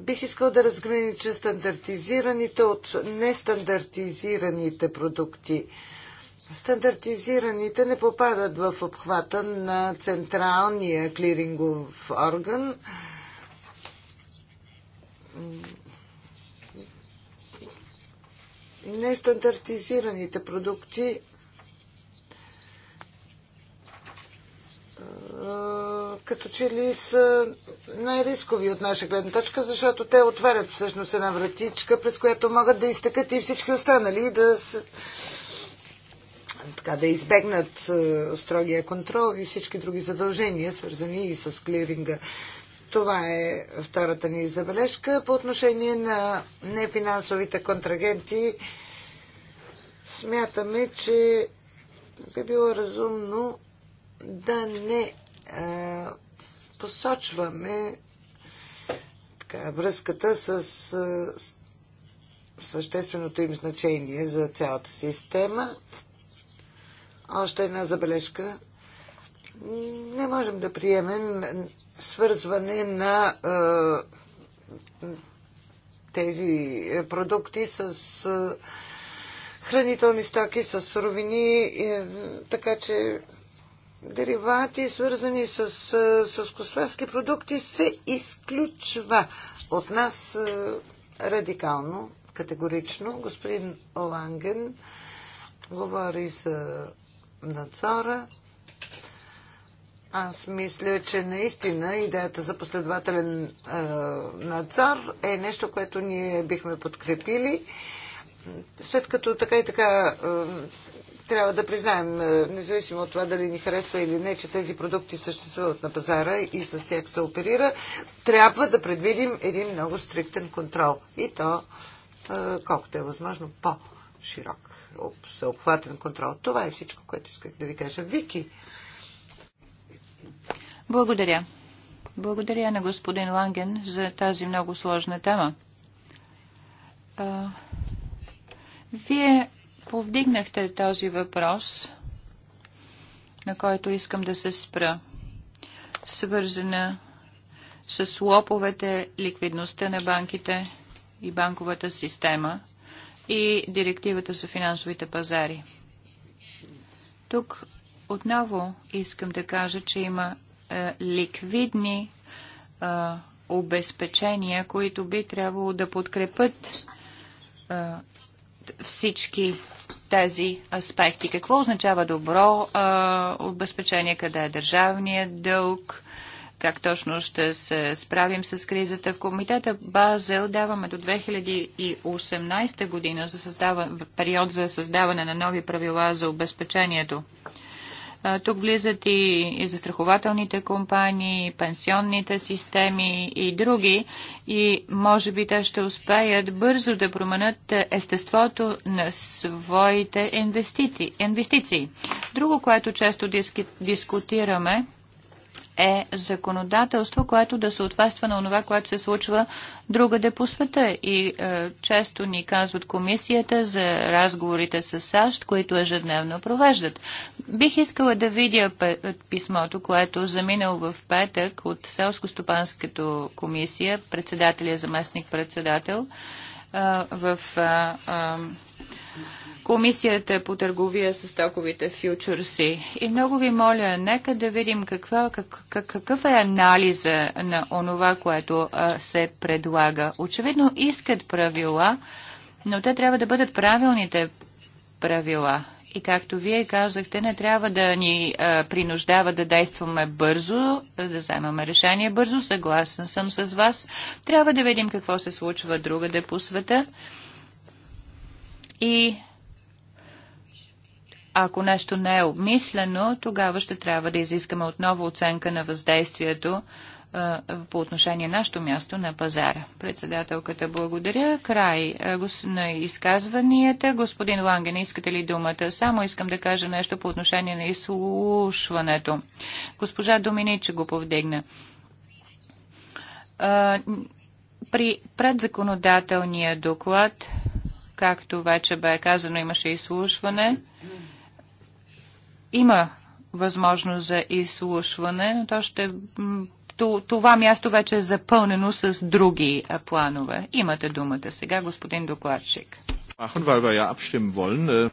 Бих искал да разгранича стандартизираните от нестандартизираните продукти. Стандартизираните не попадат в обхвата на централния клирингов орган. Нестандартизираните продукти Е, като че ли са най-рискови от наша гледна точка, защото те отварят всъщност една вратичка, през която могат да изтъкат и всички останали и да, с... така, да избегнат е, строгия контрол и всички други задължения, свързани и с клиринга. Това е втората ни забележка. По отношение на нефинансовите контрагенти, смятаме, че би било разумно да не посочваме така, връзката с, с същественото им значение за цялата система. Още една забележка. Не можем да приемем свързване на е, тези продукти с е, хранителни стоки, с суровини, е, така че деривати, свързани с, с космически продукти, се изключва от нас радикално, категорично. Господин Оланген говори за надзора. Аз мисля, че наистина идеята за последователен е, надзор е нещо, което ние бихме подкрепили. След като така и така трябва да признаем, е, независимо от това дали ни харесва или не, че тези продукти съществуват на пазара и с тях се оперира, трябва да предвидим един много стриктен контрол. И то, е, колкото е възможно, по-широк, всеобхватен контрол. Това е всичко, което исках да ви кажа. Вики! Благодаря. Благодаря на господин Ланген за тази много сложна тема. Вие повдигнахте този въпрос, на който искам да се спра, свързана с лоповете, ликвидността на банките и банковата система и директивата за финансовите пазари. Тук отново искам да кажа, че има е, ликвидни е, обезпечения, които би трябвало да подкрепят е, всички тези аспекти. Какво означава добро а, обезпечение, къде е държавният дълг, как точно ще се справим с кризата. В комитета Базел даваме до 2018 година за създава, период за създаване на нови правила за обезпечението. Тук влизат и, и застрахователните компании, и пенсионните системи и други. И може би те ще успеят бързо да променят естеството на своите инвестиции. Друго, което често дискутираме, е законодателство, което да съответства на това, което се случва другаде по света. И е, често ни казват комисията за разговорите с САЩ, които ежедневно провеждат. Бих искала да видя писмото, което заминал в петък от Селско-стопанската комисия, председателя заместник-председател, е, в е, е Комисията по търговия с стоковите фьючерси. И много ви моля, нека да видим каква, как, какъв е анализа на онова, което а, се предлага. Очевидно искат правила, но те трябва да бъдат правилните правила. И както вие казахте, не трябва да ни а, принуждава да действаме бързо, да вземаме решение бързо. Съгласен съм с вас. Трябва да видим какво се случва другаде по света. И ако нещо не е обмислено, тогава ще трябва да изискаме отново оценка на въздействието по отношение на нашето място на пазара. Председателката благодаря. Край на изказванията. Господин Ланген, искате ли думата? Само искам да кажа нещо по отношение на изслушването. Госпожа Доминиче го повдигна. При предзаконодателния доклад, както вече бе казано, имаше изслушване има възможност за изслушване, но то ще това място вече е запълнено с други планове. Имате думата сега, господин докладчик. Äh,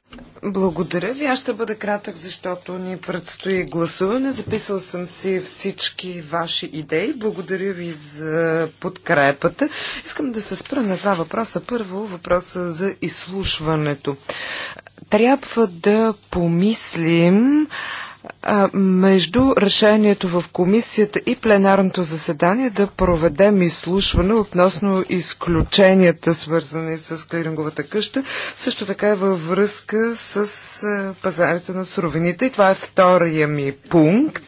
Благодаря ви. Аз ще бъда кратък, защото ни предстои гласуване. Записал съм си всички ваши идеи. Благодаря ви за подкрепата. Искам да се спра на два въпроса. Първо, въпроса за изслушването трябва да помислим между решението в комисията и пленарното заседание да проведем изслушване относно изключенията, свързани с клиринговата къща, също така е във връзка с пазарите на суровините. И това е втория ми пункт.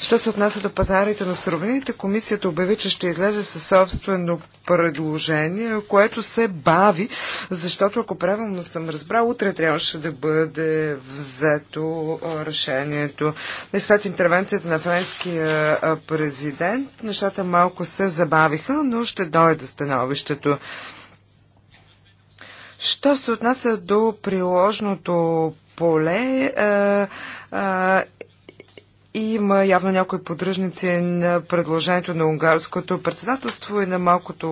Що се отнася до пазарите на суровините, комисията обяви, че ще излезе със собствено предложение, което се бави, защото ако правилно съм разбрал, утре трябваше да бъде взето решение положението. след интервенцията на френския президент нещата малко се забавиха, но ще дойде становището. Що се отнася до приложното поле, и има явно някои поддръжници на предложението на унгарското председателство и на малкото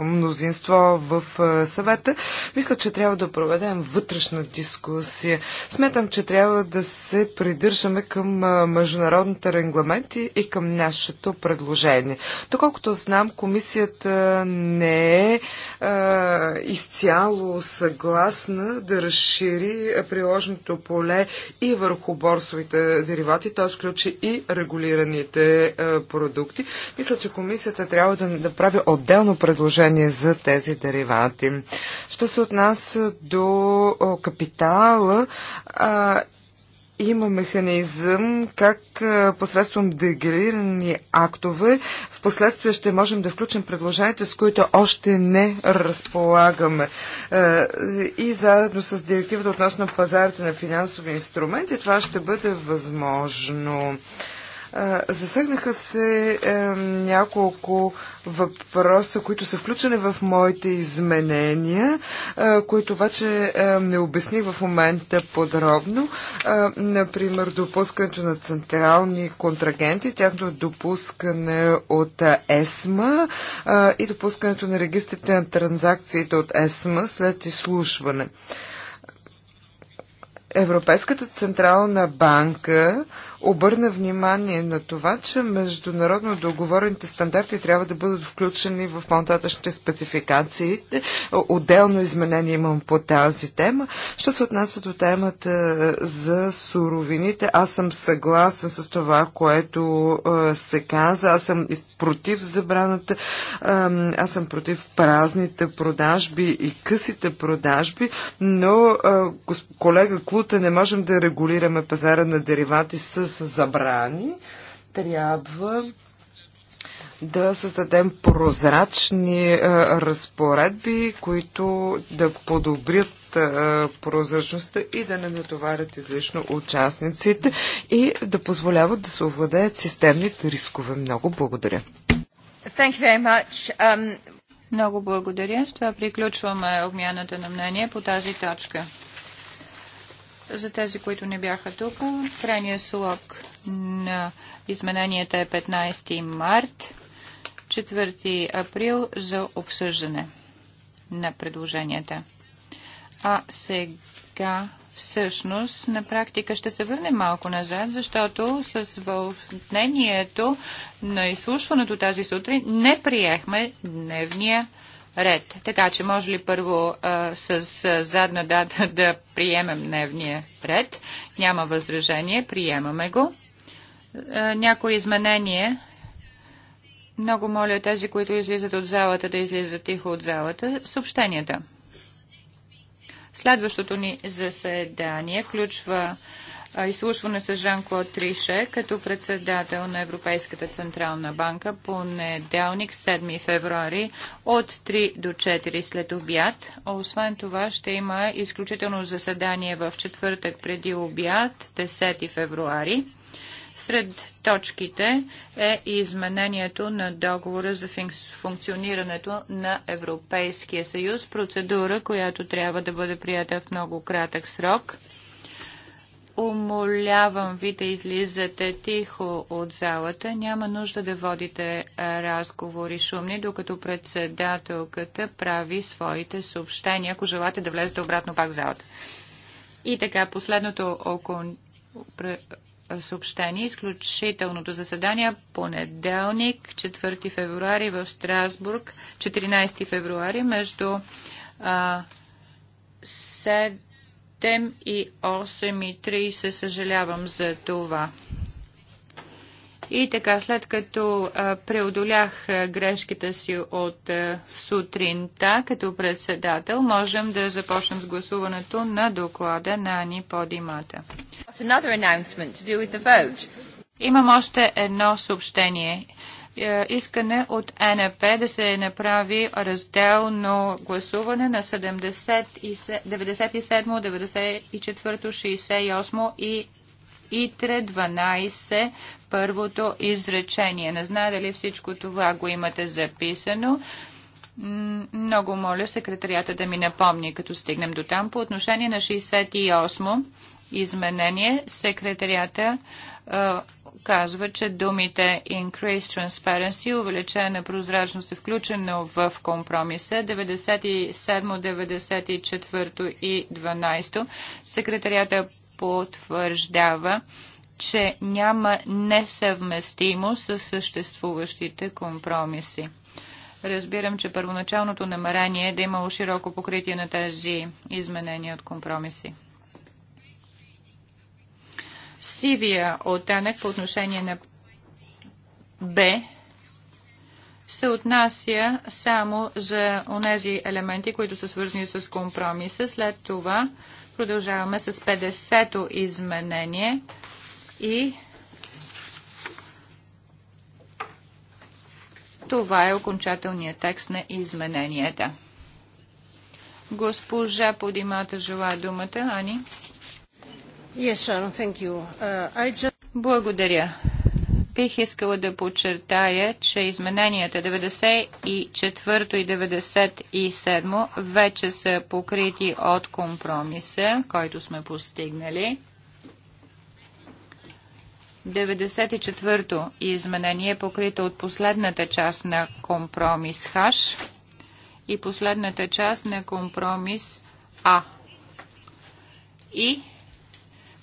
мнозинство в е, съвета. Мисля, че трябва да проведем вътрешна дискусия. Сметам, че трябва да се придържаме към е, международните регламенти и към нашето предложение. Доколкото знам, комисията не е а, изцяло съгласна да разшири приложното поле и върху борсовите деривати, т.е. включи и регулираните а, продукти. Мисля, че комисията трябва да направи отделно предложение за тези деривати. Що се отнася до капитала а, има механизъм как посредством деградирани актове в последствие ще можем да включим предложенията, с които още не разполагаме. И заедно с директивата относно пазарите на финансови инструменти това ще бъде възможно. Засегнаха се е, няколко въпроса, които са включени в моите изменения, е, които обаче е, не обясних в момента подробно. Е, например, допускането на централни контрагенти, тяхното допускане от ЕСМА е, и допускането на регистрите на транзакциите от ЕСМА след изслушване. Европейската централна банка обърна внимание на това, че международно договорените стандарти трябва да бъдат включени в по-нататъчните спецификации. Отделно изменение имам по тази тема. Що се отнася до темата е, за суровините, аз съм съгласен с това, което е, се каза. Аз съм против забраната, аз съм против празните продажби и късите продажби, но е, колега Клута не можем да регулираме пазара на деривати с с забрани, трябва да създадем прозрачни е, разпоредби, които да подобрят е, прозрачността и да не натоварят излишно участниците и да позволяват да се овладеят системните рискове. Много благодаря. Thank you very much. Um... Много благодаря. С това приключваме обмяната на мнение по тази точка за тези, които не бяха тук, крайният слог на измененията е 15 март, 4 април за обсъждане на предложенията. А сега всъщност на практика ще се върнем малко назад, защото с вълнението на изслушването тази сутрин не приехме дневния ред. Така че може ли първо а, с, задна дата да приемем дневния ред? Няма възражение, приемаме го. А, някои изменение. Много моля тези, които излизат от залата, да излизат тихо от залата. Съобщенията. Следващото ни заседание включва изслушване с Жан-Клод Трише като председател на Европейската централна банка понеделник 7 февруари от 3 до 4 след обяд. Освен това ще има изключително заседание в четвъртък преди обяд 10 февруари. Сред точките е изменението на договора за функционирането на Европейския съюз, процедура, която трябва да бъде прията в много кратък срок умолявам ви да излизате тихо от залата. Няма нужда да водите разговори шумни, докато председателката прави своите съобщения, ако желаете да влезете обратно пак в залата. И така, последното окон... съобщение, изключителното заседание, понеделник, 4 февруари в Страсбург, 14 февруари, между а, 7 7 и 8 и се Съжалявам за това. И така, след като преодолях грешките си от сутринта като председател, можем да започнем с гласуването на доклада на Ани Подимата. Имам още едно съобщение е, искане от НП да се направи разделно гласуване на 97, 94, 68 и ИТРЕ 12, първото изречение. Не знае дали всичко това го имате записано. Много моля секретарията да ми напомни, като стигнем до там. По отношение на 68 изменение, секретарията казва, че думите increase transparency, увеличена прозрачност е включено в компромиса 97, 94 и 12. Секретарията потвърждава, че няма несъвместимост с съществуващите компромиси. Разбирам, че първоначалното намерение е да има широко покритие на тези изменения от компромиси сивия оттенък по отношение на Б се отнася само за онези елементи, които са свързани с компромиса. След това продължаваме с 50-то изменение и това е окончателният текст на измененията. Госпожа Подимата желая думата. Ани? Uh, Благодаря. Бих искала да подчертая, че измененията 94 и 97 вече са покрити от компромиса, който сме постигнали. 94-то изменение е покрито от последната част на компромис ХАШ и последната част на компромис А. И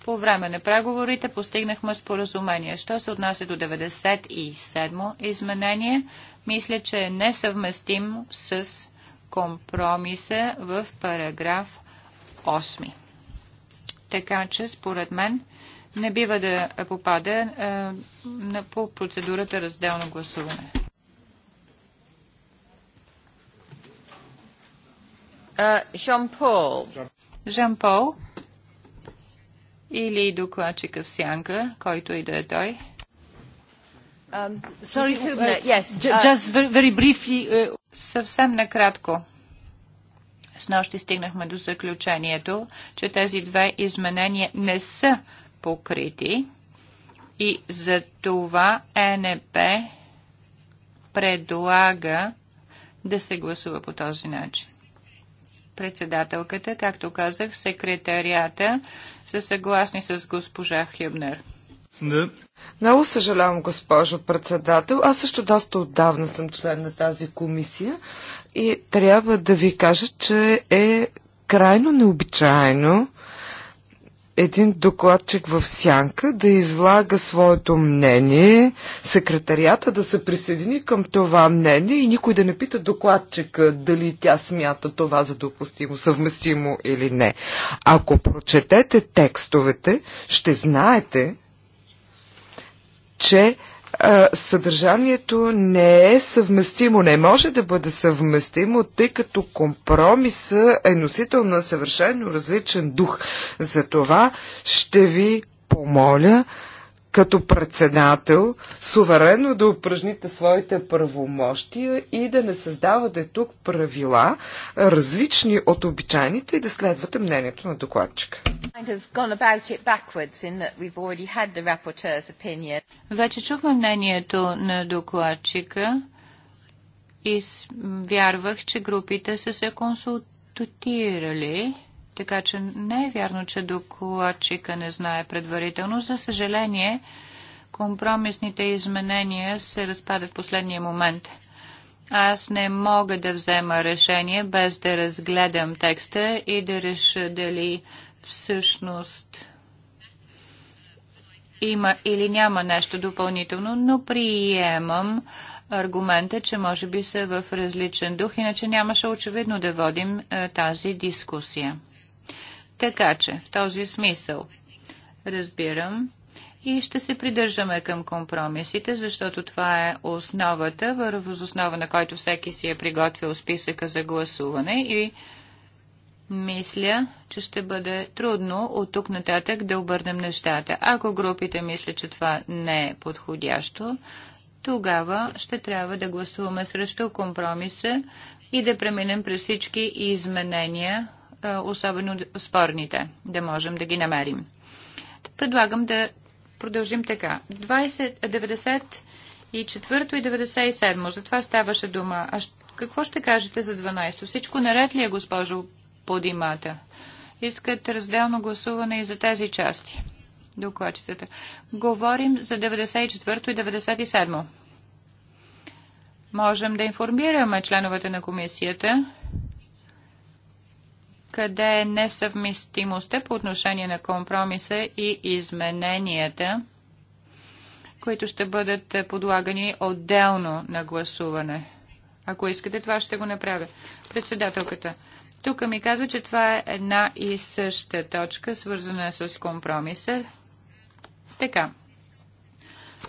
по време на преговорите постигнахме споразумение. Що се отнася до 97 изменение, мисля, че е несъвместим с компромиса в параграф 8. Така че, според мен, не бива да попада по процедурата разделно гласуване. Жан-Пол. Uh, Жан-Пол или докладчика в сянка, който и да е той. Um, sorry, uh, uh, yes. Uh, just very briefly. Съвсем накратко. С нощи стигнахме до заключението, че тези две изменения не са покрити и за това НП предлага да се гласува по този начин председателката, както казах, секретарията са съгласни с госпожа Хюбнер. Да. Много съжалявам, госпожо председател. Аз също доста отдавна съм член на тази комисия и трябва да ви кажа, че е крайно необичайно един докладчик в сянка да излага своето мнение, секретарията да се присъедини към това мнение и никой да не пита докладчика дали тя смята това за допустимо, съвместимо или не. Ако прочетете текстовете, ще знаете, че съдържанието не е съвместимо, не може да бъде съвместимо, тъй като компромиса е носител на съвършено различен дух. За това ще ви помоля като председател суверенно да упражните своите правомощия и да не създавате тук правила, различни от обичайните и да следвате мнението на докладчика. Вече чухме мнението на докладчика и вярвах, че групите са се консултирали така че не е вярно, че докладчика не знае предварително. За съжаление, компромисните изменения се разпадат в последния момент. Аз не мога да взема решение без да разгледам текста и да реша дали всъщност има или няма нещо допълнително, но приемам аргумента, че може би са в различен дух, иначе нямаше очевидно да водим е, тази дискусия. Така че, в този смисъл, разбирам и ще се придържаме към компромисите, защото това е основата, върху основа на който всеки си е приготвил списъка за гласуване и мисля, че ще бъде трудно от тук нататък да обърнем нещата. Ако групите мислят, че това не е подходящо, тогава ще трябва да гласуваме срещу компромиса и да преминем през всички изменения особено спорните, да можем да ги намерим. Предлагам да продължим така. 94 и и 97. За това ставаше дума. А какво ще кажете за 12? Всичко наред ли е, госпожо Подимата? Искат разделно гласуване и за тези части. Докладчицата. Говорим за 94 и 97. Можем да информираме членовете на комисията, къде е несъвместимостта по отношение на компромиса и измененията, които ще бъдат подлагани отделно на гласуване. Ако искате, това ще го направя. Председателката. Тук ми казва, че това е една и съща точка, свързана с компромиса. Така.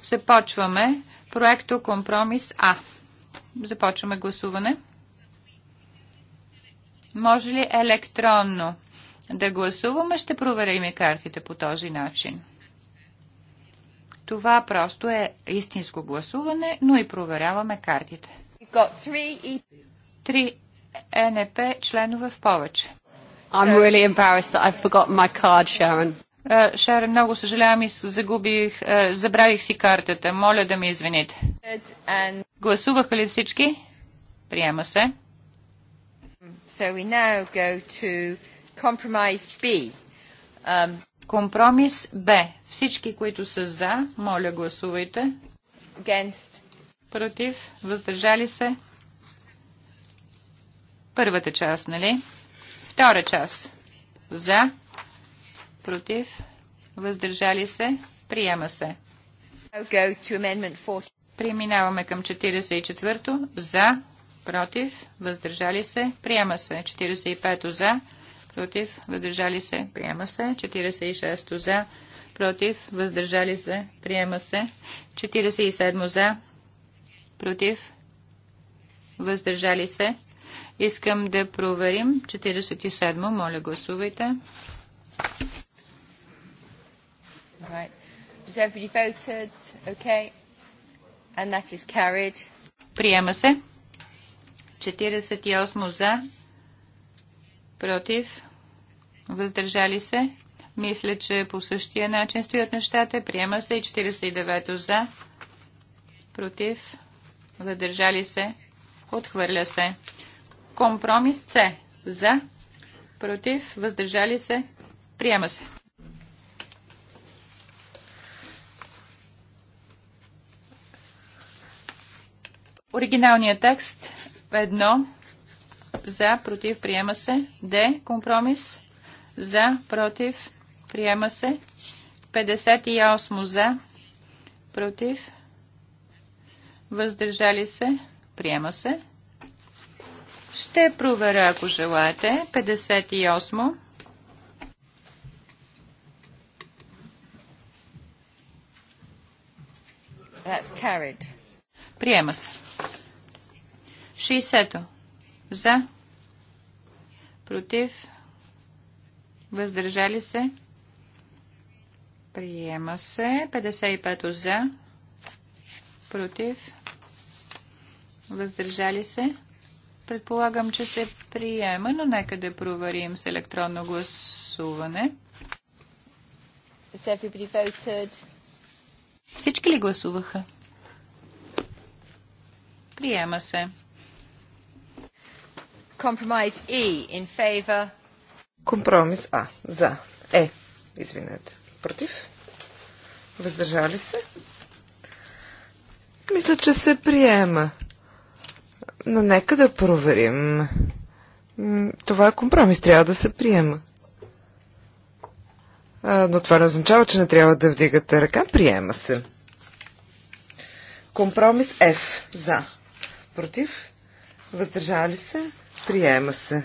Започваме проекто компромис А. Започваме гласуване. Може ли електронно да гласуваме? Ще проверим и картите по този начин. Това просто е истинско гласуване, но и проверяваме картите. E Три НП членове в повече. I'm really embarrassed that I've forgotten my card, Sharon. Е, Шарен, много съжалявам и загубих, е, забравих си картата. Моля да ми извините. Гласуваха ли всички? Приема се. So we now go to compromise B. Um, Компромис Б. Всички, които са за, моля гласувайте. Against. Против. Въздържали се. Първата част, нали? Втора част. За. Против. Въздържали се. Приема се. Преминаваме към 44-то. За против, въздържали се, приема се. 45 за, против, въздържали се, приема се. 46 за, против, въздържали се, приема се. 47 за, против, въздържали се. Искам да проверим. 47, моля гласувайте. Right. everybody voted? Okay. And that is carried. Приема се. 48 за, против, въздържали се. Мисля, че по същия начин стоят нещата. Приема се и 49 за, против, въздържали се, отхвърля се. Компромис С. За, против, въздържали се, приема се. Оригиналният текст Едно за, против, приема се. Д, компромис, за, против, приема се. 58 за, против, въздържали се, приема се. Ще проверя, ако желаете. 58. Приема се. 60-то. За. Против. Въздържали се. Приема се. 55-то за. Против. Въздържали се. Предполагам, че се приема, но нека да проверим с електронно гласуване. Всички ли гласуваха? Приема се. Compromise E in favor. Компромис А. За. Е. Извинете. Против. Въздържали се. Мисля, че се приема. Но нека да проверим. Това е компромис. Трябва да се приема. но това не означава, че не трябва да вдигате ръка. Приема се. Компромис F. За. Против. Въздържали се. Приема се.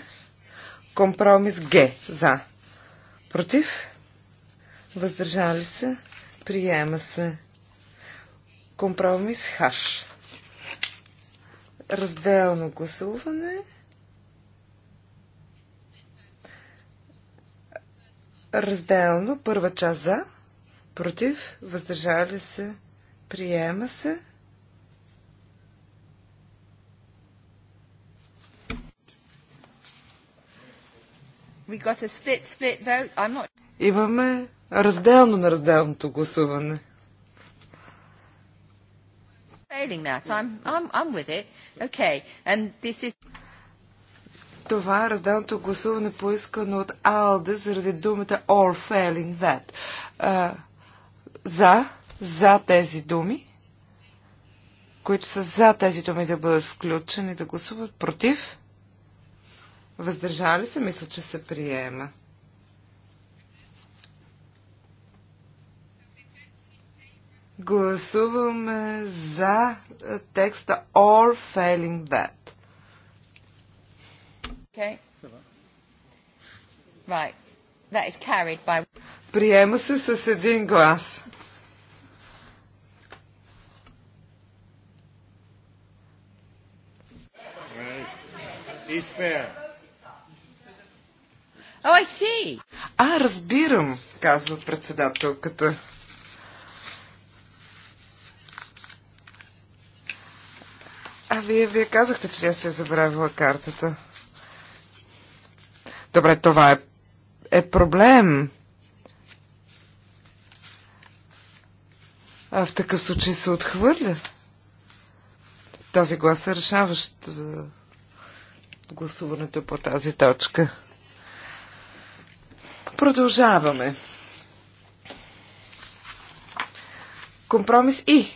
Компромис Г. За. Против. Въздържали се. Приема се. Компромис Х. Разделно гласуване. Разделно. Първа част за. Против. Въздържали се. Приема се. Имаме разделно на разделното гласуване. Това е разделното гласуване поискано от АЛДЕ заради думата or failing that. Uh, за, за тези думи, които са за тези думи да бъдат включени, да гласуват против. Въздържали се, мисля, че се приема. Гласуваме за е, текста or failing that. Okay. Right. That is carried by... Приема се с един глас. Is fair. Oh, I see. А, разбирам, казва председателката. А вие, вие казахте, че тя се е забравила картата. Добре, това е, е проблем. А в такъв случай се отхвърля. Този глас е решаващ за гласуването по тази точка. Продължаваме. Компромис И.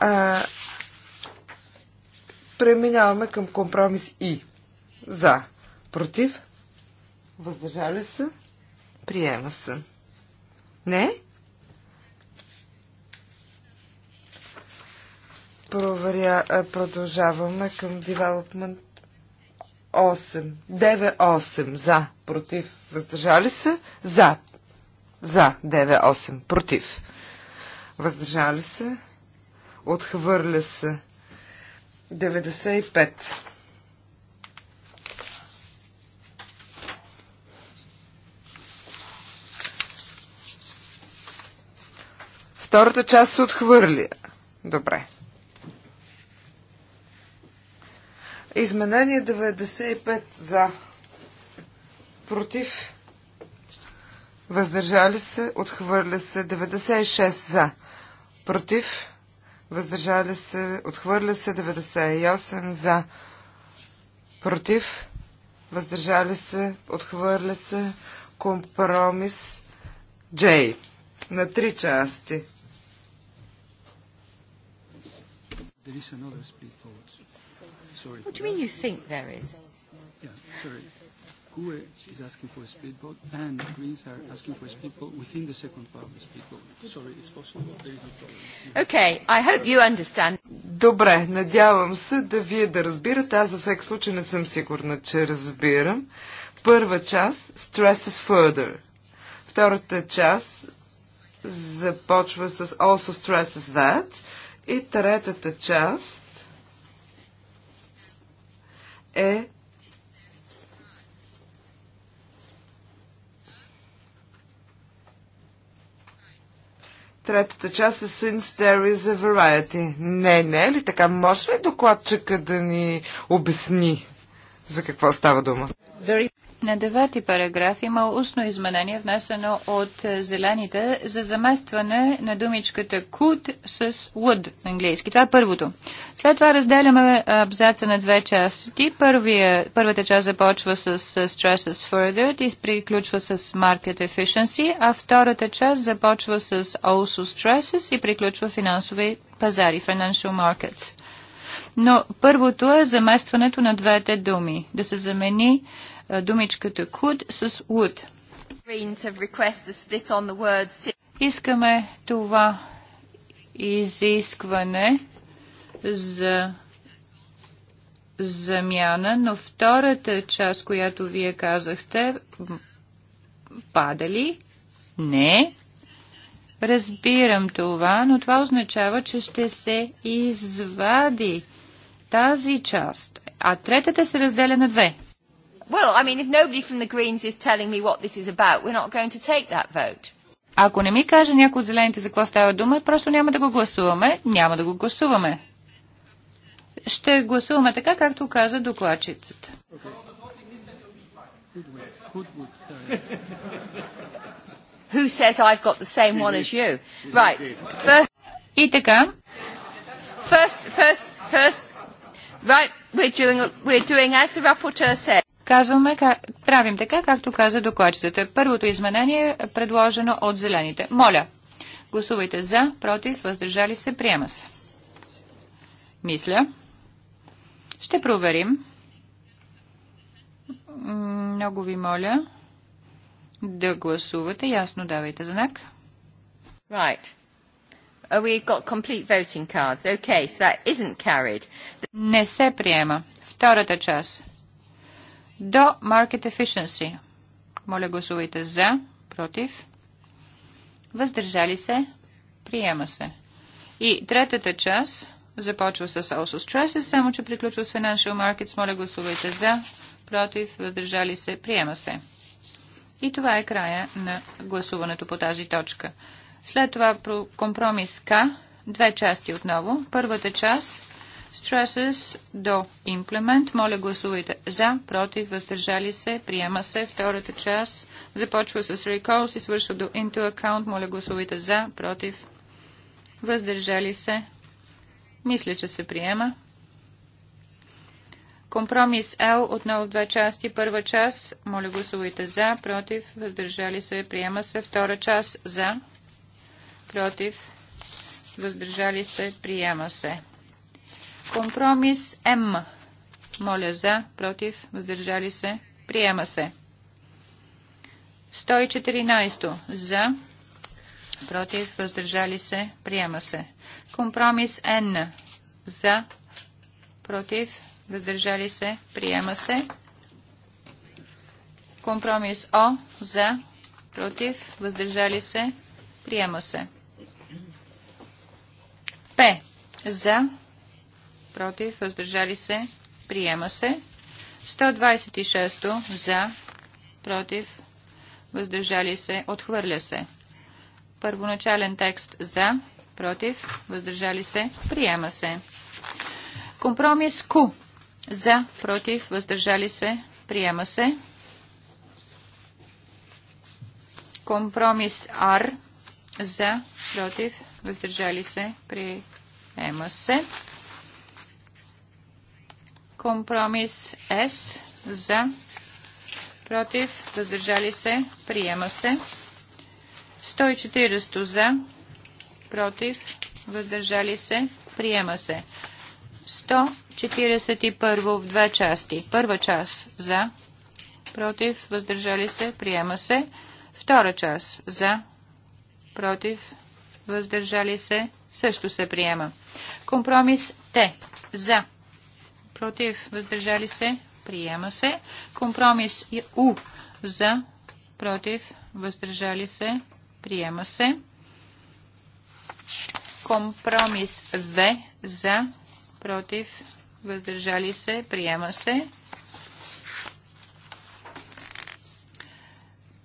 А, преминаваме към компромис И. За. Против. Въздържали се. Приема се. Не? Проверя, е, продължаваме към Development 8. 9-8 за, против, въздържали се, за, за 9-8, против. Въздържали се, отхвърля се 95. Втората част се отхвърли. Добре. Изменение 95 за. Против. Въздържали се. Отхвърля се. 96 за. Против. Въздържали се. Отхвърля се. 98 за. Против. Въздържали се. Отхвърля се. Компромис. Джей. На три части. There is another speed forward sorry. What do you mean you think there is? Yeah, sorry. GUE is asking for a split vote, and Greens are asking for a split vote within the second part of the split vote. Sorry, it's possible. There is no problem. Okay, I hope you understand. Добре, надявам се да вие да разбирате. Аз за всеки случай не съм сигурна, че разбирам. Първа част stresses further. Втората част започва с also stresses that. И третата част е Третата част е Since There is a Variety. Не, не е ли така? Може ли докладчика да ни обясни за какво става дума? На девети параграф има устно изменение, внесено от зелените, за заместване на думичката could с would на английски. Това е първото. След това разделяме абзаца на две части. Първия, първата част започва с stresses further и приключва с market efficiency, а втората част започва с also stresses и приключва финансови пазари, financial markets. Но първото е заместването на двете думи. Да се замени думичката could с would. Искаме това изискване за замяна, но втората част, която вие казахте, падали? Не. Разбирам това, но това означава, че ще се извади тази част. А третата се разделя на две. Well, I mean, if nobody from the Greens is telling me what this is about, we're not going to take that vote. Ако не ми каже някой от зелените за какво става дума, просто няма да го гласуваме. Няма да го гласуваме. Ще гласуваме така, както каза докладчицата. Who says I've got the same one as you? Right. First... И така. First, first, first. Right, we're doing, we're doing as the rapporteur said. Казваме, правим така, както каза докладчетата. Първото изменение е предложено от зелените. Моля, гласувайте за, против, въздържали се, приема се. Мисля. Ще проверим. Много ви моля да гласувате. Ясно давайте знак. Right. Uh, We've got complete voting cards. Okay, so that isn't carried. Не се приема. Втората част до Market Efficiency. Моля гласувайте за, против, въздържали се, приема се. И третата част започва с Also Stresses, само че приключва с Financial Markets. Моля гласувайте за, против, въздържали се, приема се. И това е края на гласуването по тази точка. След това компромис К, две части отново. Първата част stresses до implement. Моля гласувайте за, против, въздържали се, приема се. Втората част започва с recalls и свършва до into account. Моля гласувайте за, против, въздържали се. Мисля, че се приема. Компромис Л отново в две части. Първа част, моля гласувайте за, против, въздържали се, приема се. Втора част за, против, въздържали се, приема се. Компромис М. Моля за, против, въздържали се, приема се. 114. За, против, въздържали се, приема се. Компромис Н. За, против, въздържали се, приема се. Компромис О. За, против, въздържали се, приема се. П. За, против, въздържали се, приема се. 126 за, против, въздържали се, отхвърля се. Първоначален текст за, против, въздържали се, приема се. Компромис Q за, против, въздържали се, приема се. Компромис R за, против, въздържали се, приема се. Компромис С за, против, въздържали се, приема се. 140 за, против, въздържали се, приема се. 141 в две части. Първа част за, против, въздържали се, приема се. Втора част за, против, въздържали се, също се приема. Компромис Т за, против, въздържали се, приема се. Компромис У за, против, въздържали се, приема се. Компромис В за, против, въздържали се, приема се.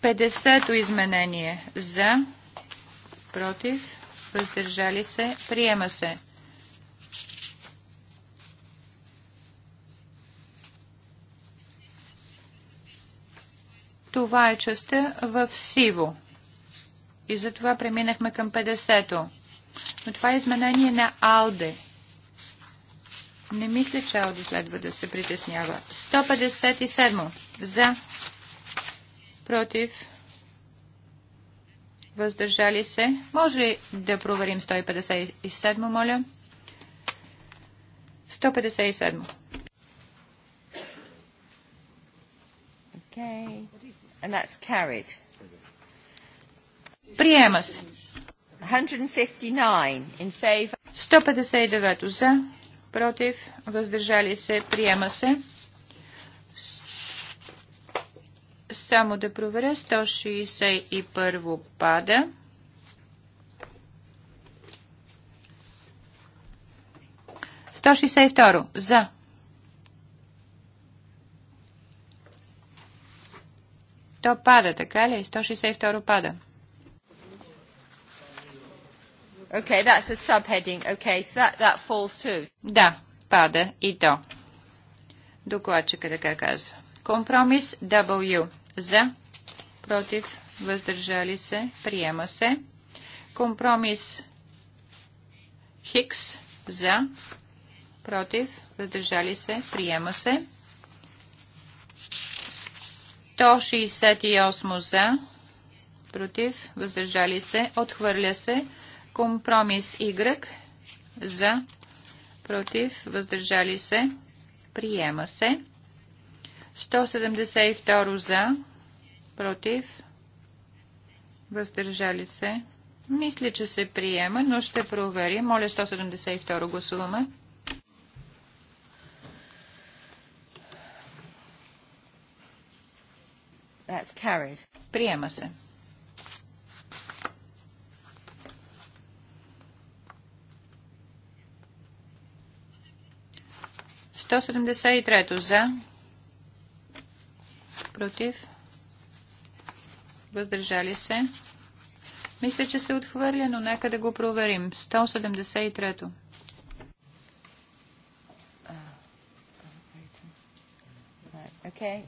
50-то изменение за, против, въздържали се, приема се. Това е частта в сиво. И затова преминахме към 50-то. Но това е изменение на Алде. Не мисля, че Алде следва да се притеснява. 157. За. Против. Въздържали се. Може ли да проверим 157, моля? 157. Okay. And that's carried. Приема се. 159 in favor. 159 за, против, въздържали се, приема се. Само да проверя, 161 пада. Сто шестьдесят второ. За. То пада, така ли? 162 пада. Okay, that's a subheading. Okay, so that, that falls too. Да, пада и то. Докладчика така казва. Компромис W. За, против, въздържали се, приема се. Компромис Хикс. За, против, въздържали се, приема се. 168 за, против, въздържали се, отхвърля се. Компромис Y за, против, въздържали се, приема се. 172 за, против, въздържали се. Мисля, че се приема, но ще проверя. Моля 172 гласуваме. That's carried. Приема се. Сто седемдесет и трето за. Против. Въздържали се. Мисля, че се отхвърля, но нека да го проверим. 173-то. Okay.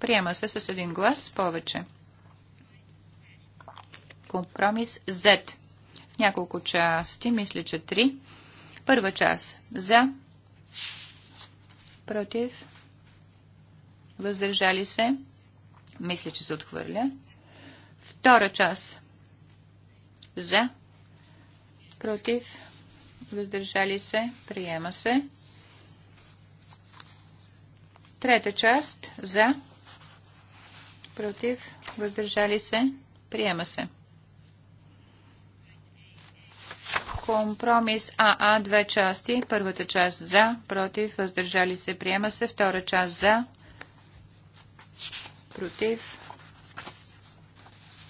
Приема се с един глас повече. Компромис Z. В няколко части, мисля, че три. Първа част за, против, въздържали се, мисля, че се отхвърля. Втора част за, против, въздържали се, приема се. Трета част за, против, въздържали се, приема се. Компромис АА, две части. Първата част за, против, въздържали се, приема се. Втора част за, против,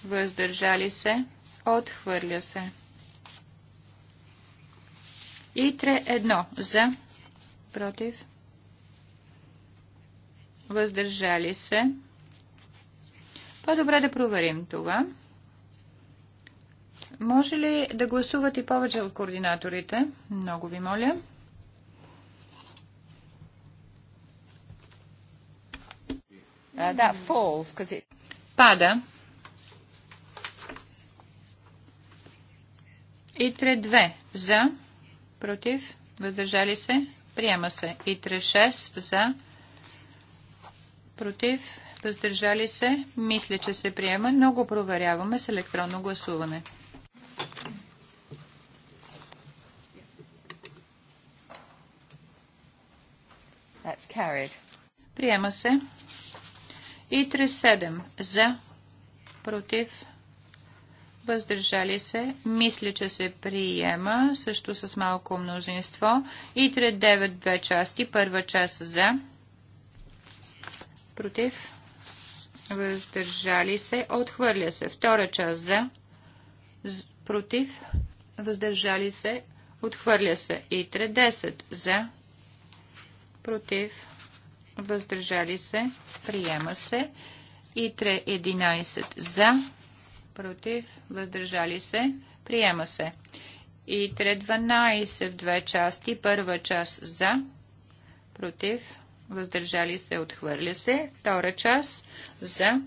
въздържали се, отхвърля се. И 3-1 за, против, въздържали се. По-добре да проверим това. Може ли да гласуват и повече от координаторите? Много ви моля. Uh, falls, it... Пада. Итре 2 за, против, въздържали се, приема се. Итре 6 за, против, въздържали се, мисля, че се приема, но го проверяваме с електронно гласуване. That's carried. Приема се. И 37 за, против, въздържали се. Мисля, че се приема, също с малко мнозинство. И 39 две части. Първа част за, против, въздържали се, отхвърля се. Втора част за, против, въздържали се, отхвърля се. И 30 за, против, въздържали се, приема се. И 11 за, против, въздържали се, приема се. И 12 в две части, първа част за, против, въздържали се, отхвърля се. Втора част за,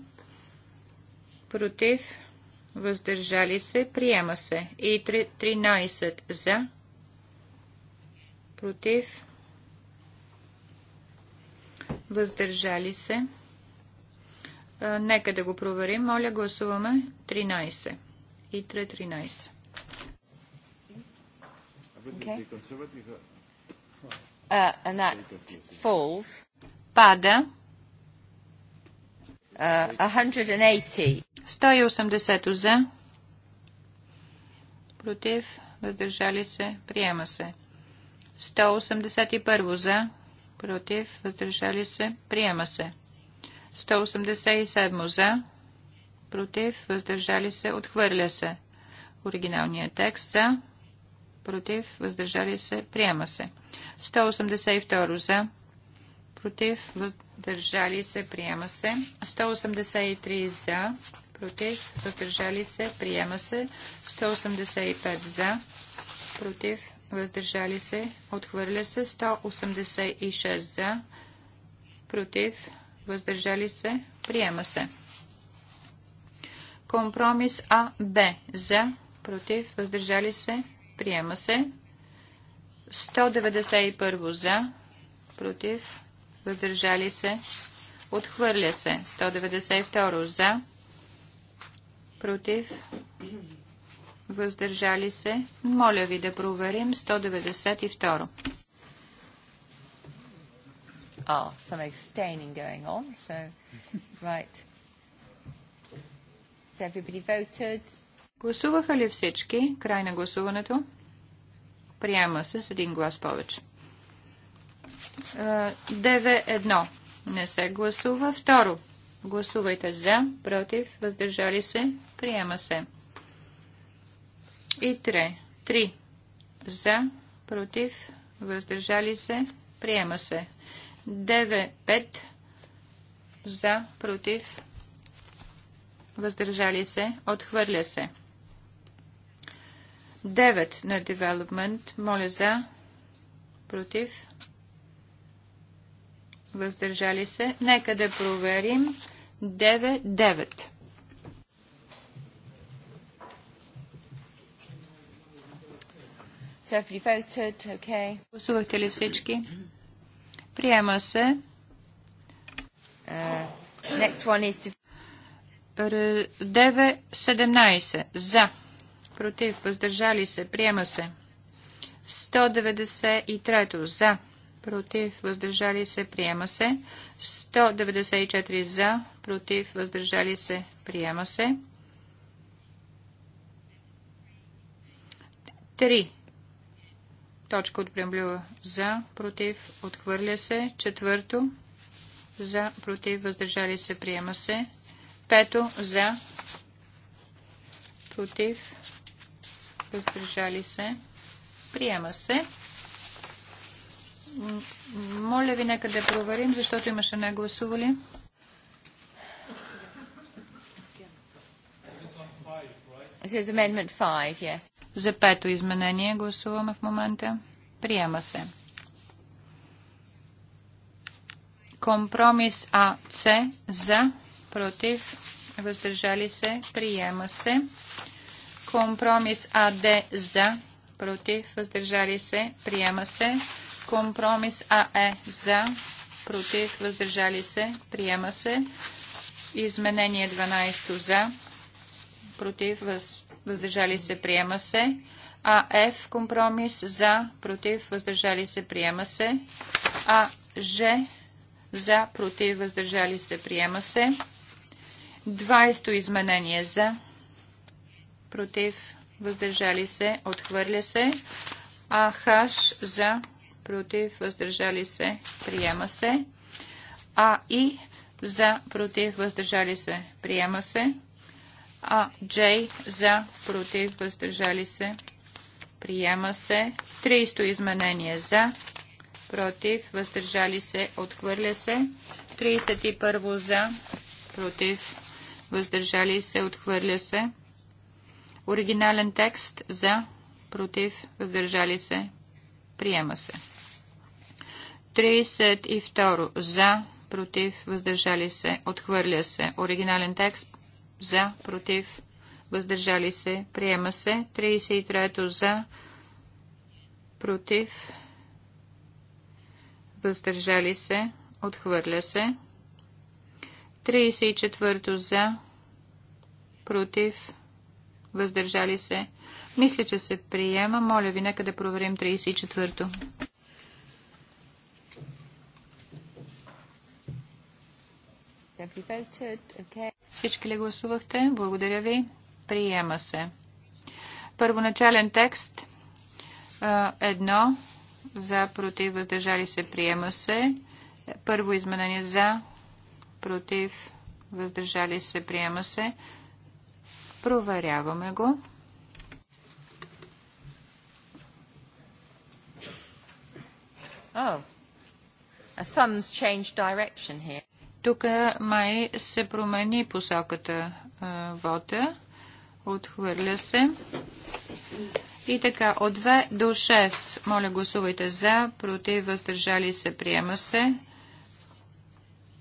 против, въздържали се, приема се. И 13 за, против, въздържали се. Нека да го проверим. Моля, гласуваме 13. И 3 13. Okay. Uh, and that falls. Пада. Uh, 180. 180 за. Против. Въздържали се. Приема се. 181 за. Против. Въздържали се. Приема се. 187 за. Против. Въздържали се. Отхвърля се. Оригиналният текст за против, въздържали се, приема се. 182 за, против, въздържали се, приема се. 183 за, против, въздържали се, приема се. 185 за, против, въздържали се, отхвърля се. 186 за, против, въздържали се, приема се. Компромис А, Б, за, против, въздържали се, Приема се. 191 за. Против. Въздържали се. Отхвърля се. 192 за. Против. Въздържали се. Моля ви да проверим. 192. Oh, some abstaining going on. So, right. Has everybody voted? Гласуваха ли всички? Край на гласуването. Приема се с един глас повече. Е, ДВ1 не се гласува. Второ. Гласувайте за, против, въздържали се, приема се. И 3. 3. За, против, въздържали се, приема се. 9. 5. За, против, въздържали се, отхвърля се. 9 на Development. Моля за. Против. Въздържали се. Нека да проверим. 9. 9. Гласувахте ли всички? Приема се. Uh, next one is to... 9, За против, въздържали се, приема се. 193 за, против, въздържали се, приема се. 194 за, против, въздържали се, приема се. 3. Точка от преамблюла за, против, отхвърля се. Четвърто, за, против, въздържали се, приема се. Пето, за, против, въздържали се, приема се. Моля ви, нека да проверим, защото имаше не гласували. За пето изменение гласуваме в момента. Приема се. Компромис АЦ за, против, въздържали се, приема се. Компромис АД за, против, въздържали се, приема се. Компромис АЕ за, против, въздържали се, приема се. Изменение 12 за, против, въздържали се, приема се. АФ компромис за, против, въздържали се, приема се. АЖ за, против, въздържали се, приема се. 20 изменение за, против, въздържали се, отхвърля се. А хаш за, против, въздържали се, приема се. А и за, против, въздържали се, приема се. А Джей за, против, въздържали се, приема се. 300 изменение за, против, въздържали се, отхвърля се. 31 за, против, въздържали се, отхвърля се. Оригинален текст за, против, въздържали се, приема се. 32. За, против, въздържали се, отхвърля се. Оригинален текст за, против, въздържали се, приема се. 33. За, против, въздържали се, отхвърля се. 34. За, против, въздържали се. Мисля, че се приема. Моля ви, нека да проверим 34-то. Всички ли гласувахте? Благодаря ви. Приема се. Първоначален текст. Едно. За, против, въздържали се. Приема се. Първо изменение за, против, въздържали се. Приема се. Проверяваме го. Oh. A thumb's changed direction here. Тук май се промени посоката а, вода. Отхвърля се. И така, от 2 до 6, моля гласувайте за, против, въздържали се, приема се.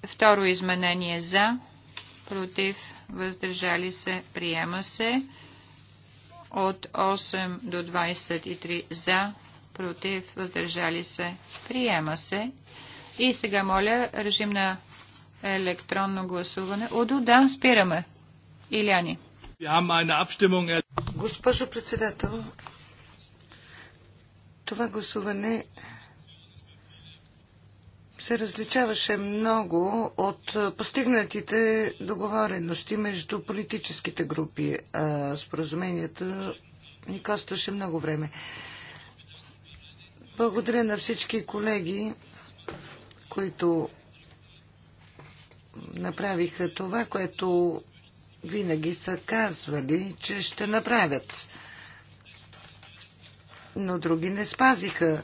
Второ изменение за, против, въздържали се, приема се. От 8 до 23 за, против, въздържали се, приема се. И сега моля режим на електронно гласуване. Удо, да, спираме. Иляни. Госпожо председател, това гласуване се различаваше много от постигнатите договорености между политическите групи. А споразуменията ни костваше много време. Благодаря на всички колеги, които направиха това, което винаги са казвали, че ще направят. Но други не спазиха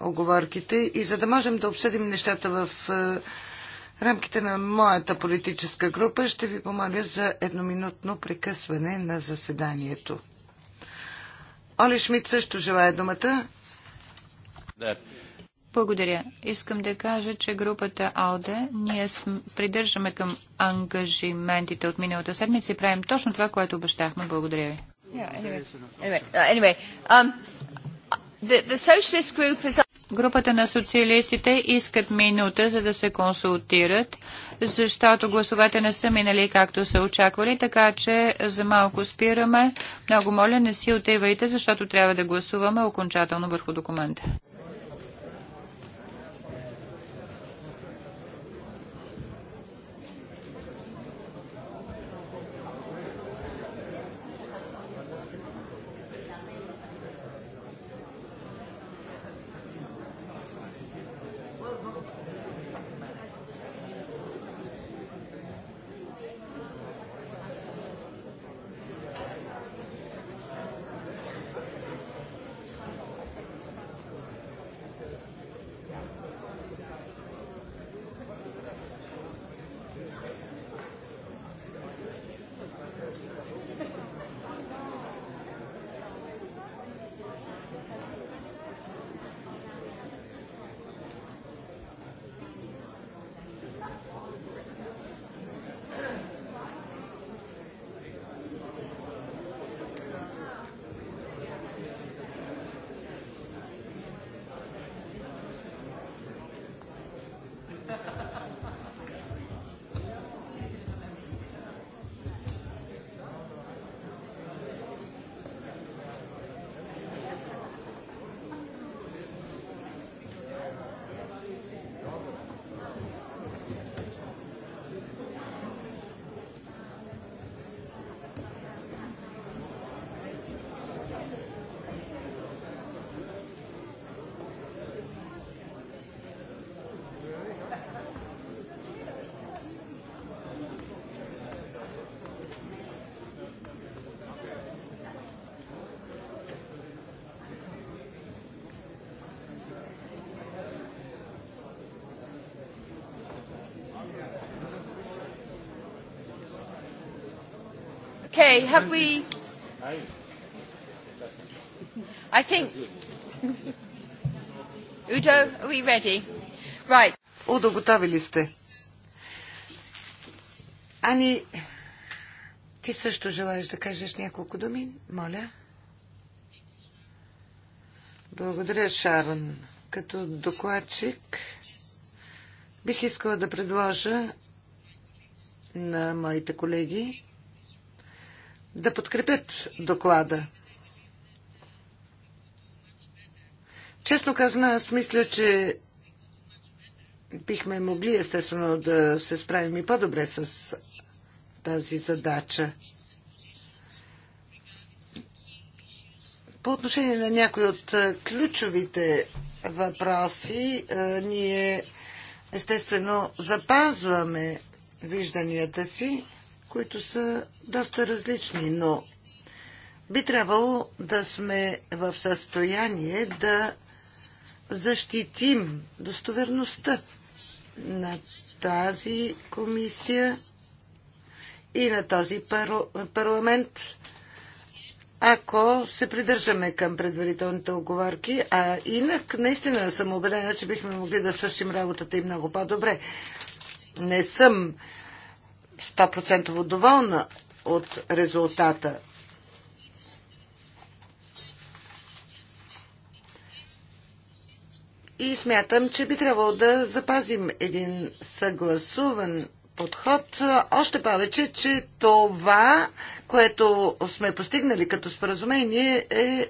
оговорките и за да можем да обсъдим нещата в е, рамките на моята политическа група, ще ви помоля за едноминутно прекъсване на заседанието. Оли Шмидт също желая думата. Благодаря. Искам да кажа, че групата АЛДЕ ние придържаме към ангажиментите от миналата седмица и правим точно това, което обещахме. Благодаря ви. Yeah, anyway. Anyway, uh, anyway, um, the, the Групата на социалистите искат минута, за да се консултират, защото гласовете не са минали както са очаквали, така че за малко спираме. Много моля, не си отивайте, защото трябва да гласуваме окончателно върху документа. have we? I think. Udo, are we ready? Right. Удо, готови ли сте? Ани, ти също желаеш да кажеш няколко думи? Моля. Благодаря, Шарон. Като докладчик бих искала да предложа на моите колеги да подкрепят доклада. Честно казано, аз мисля, че бихме могли естествено да се справим и по-добре с тази задача. По отношение на някои от ключовите въпроси, ние естествено запазваме вижданията си които са доста различни, но би трябвало да сме в състояние да защитим достоверността на тази комисия и на този парламент, ако се придържаме към предварителните оговорки, а инак наистина съм убедена, че бихме могли да свършим работата и много по-добре. Не съм 100% доволна от резултата. И смятам, че би трябвало да запазим един съгласуван подход. Още повече, че това, което сме постигнали като споразумение, е, е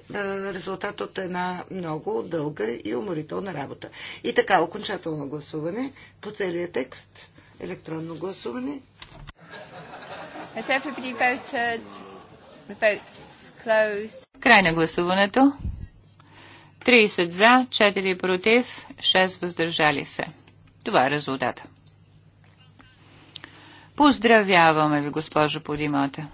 резултат от една много дълга и уморителна работа. И така, окончателно гласуване по целия текст, електронно гласуване. Край на гласуването. 30 за, 4 против, 6 въздържали се. Това е резултата. Поздравяваме ви, госпожо Подимата.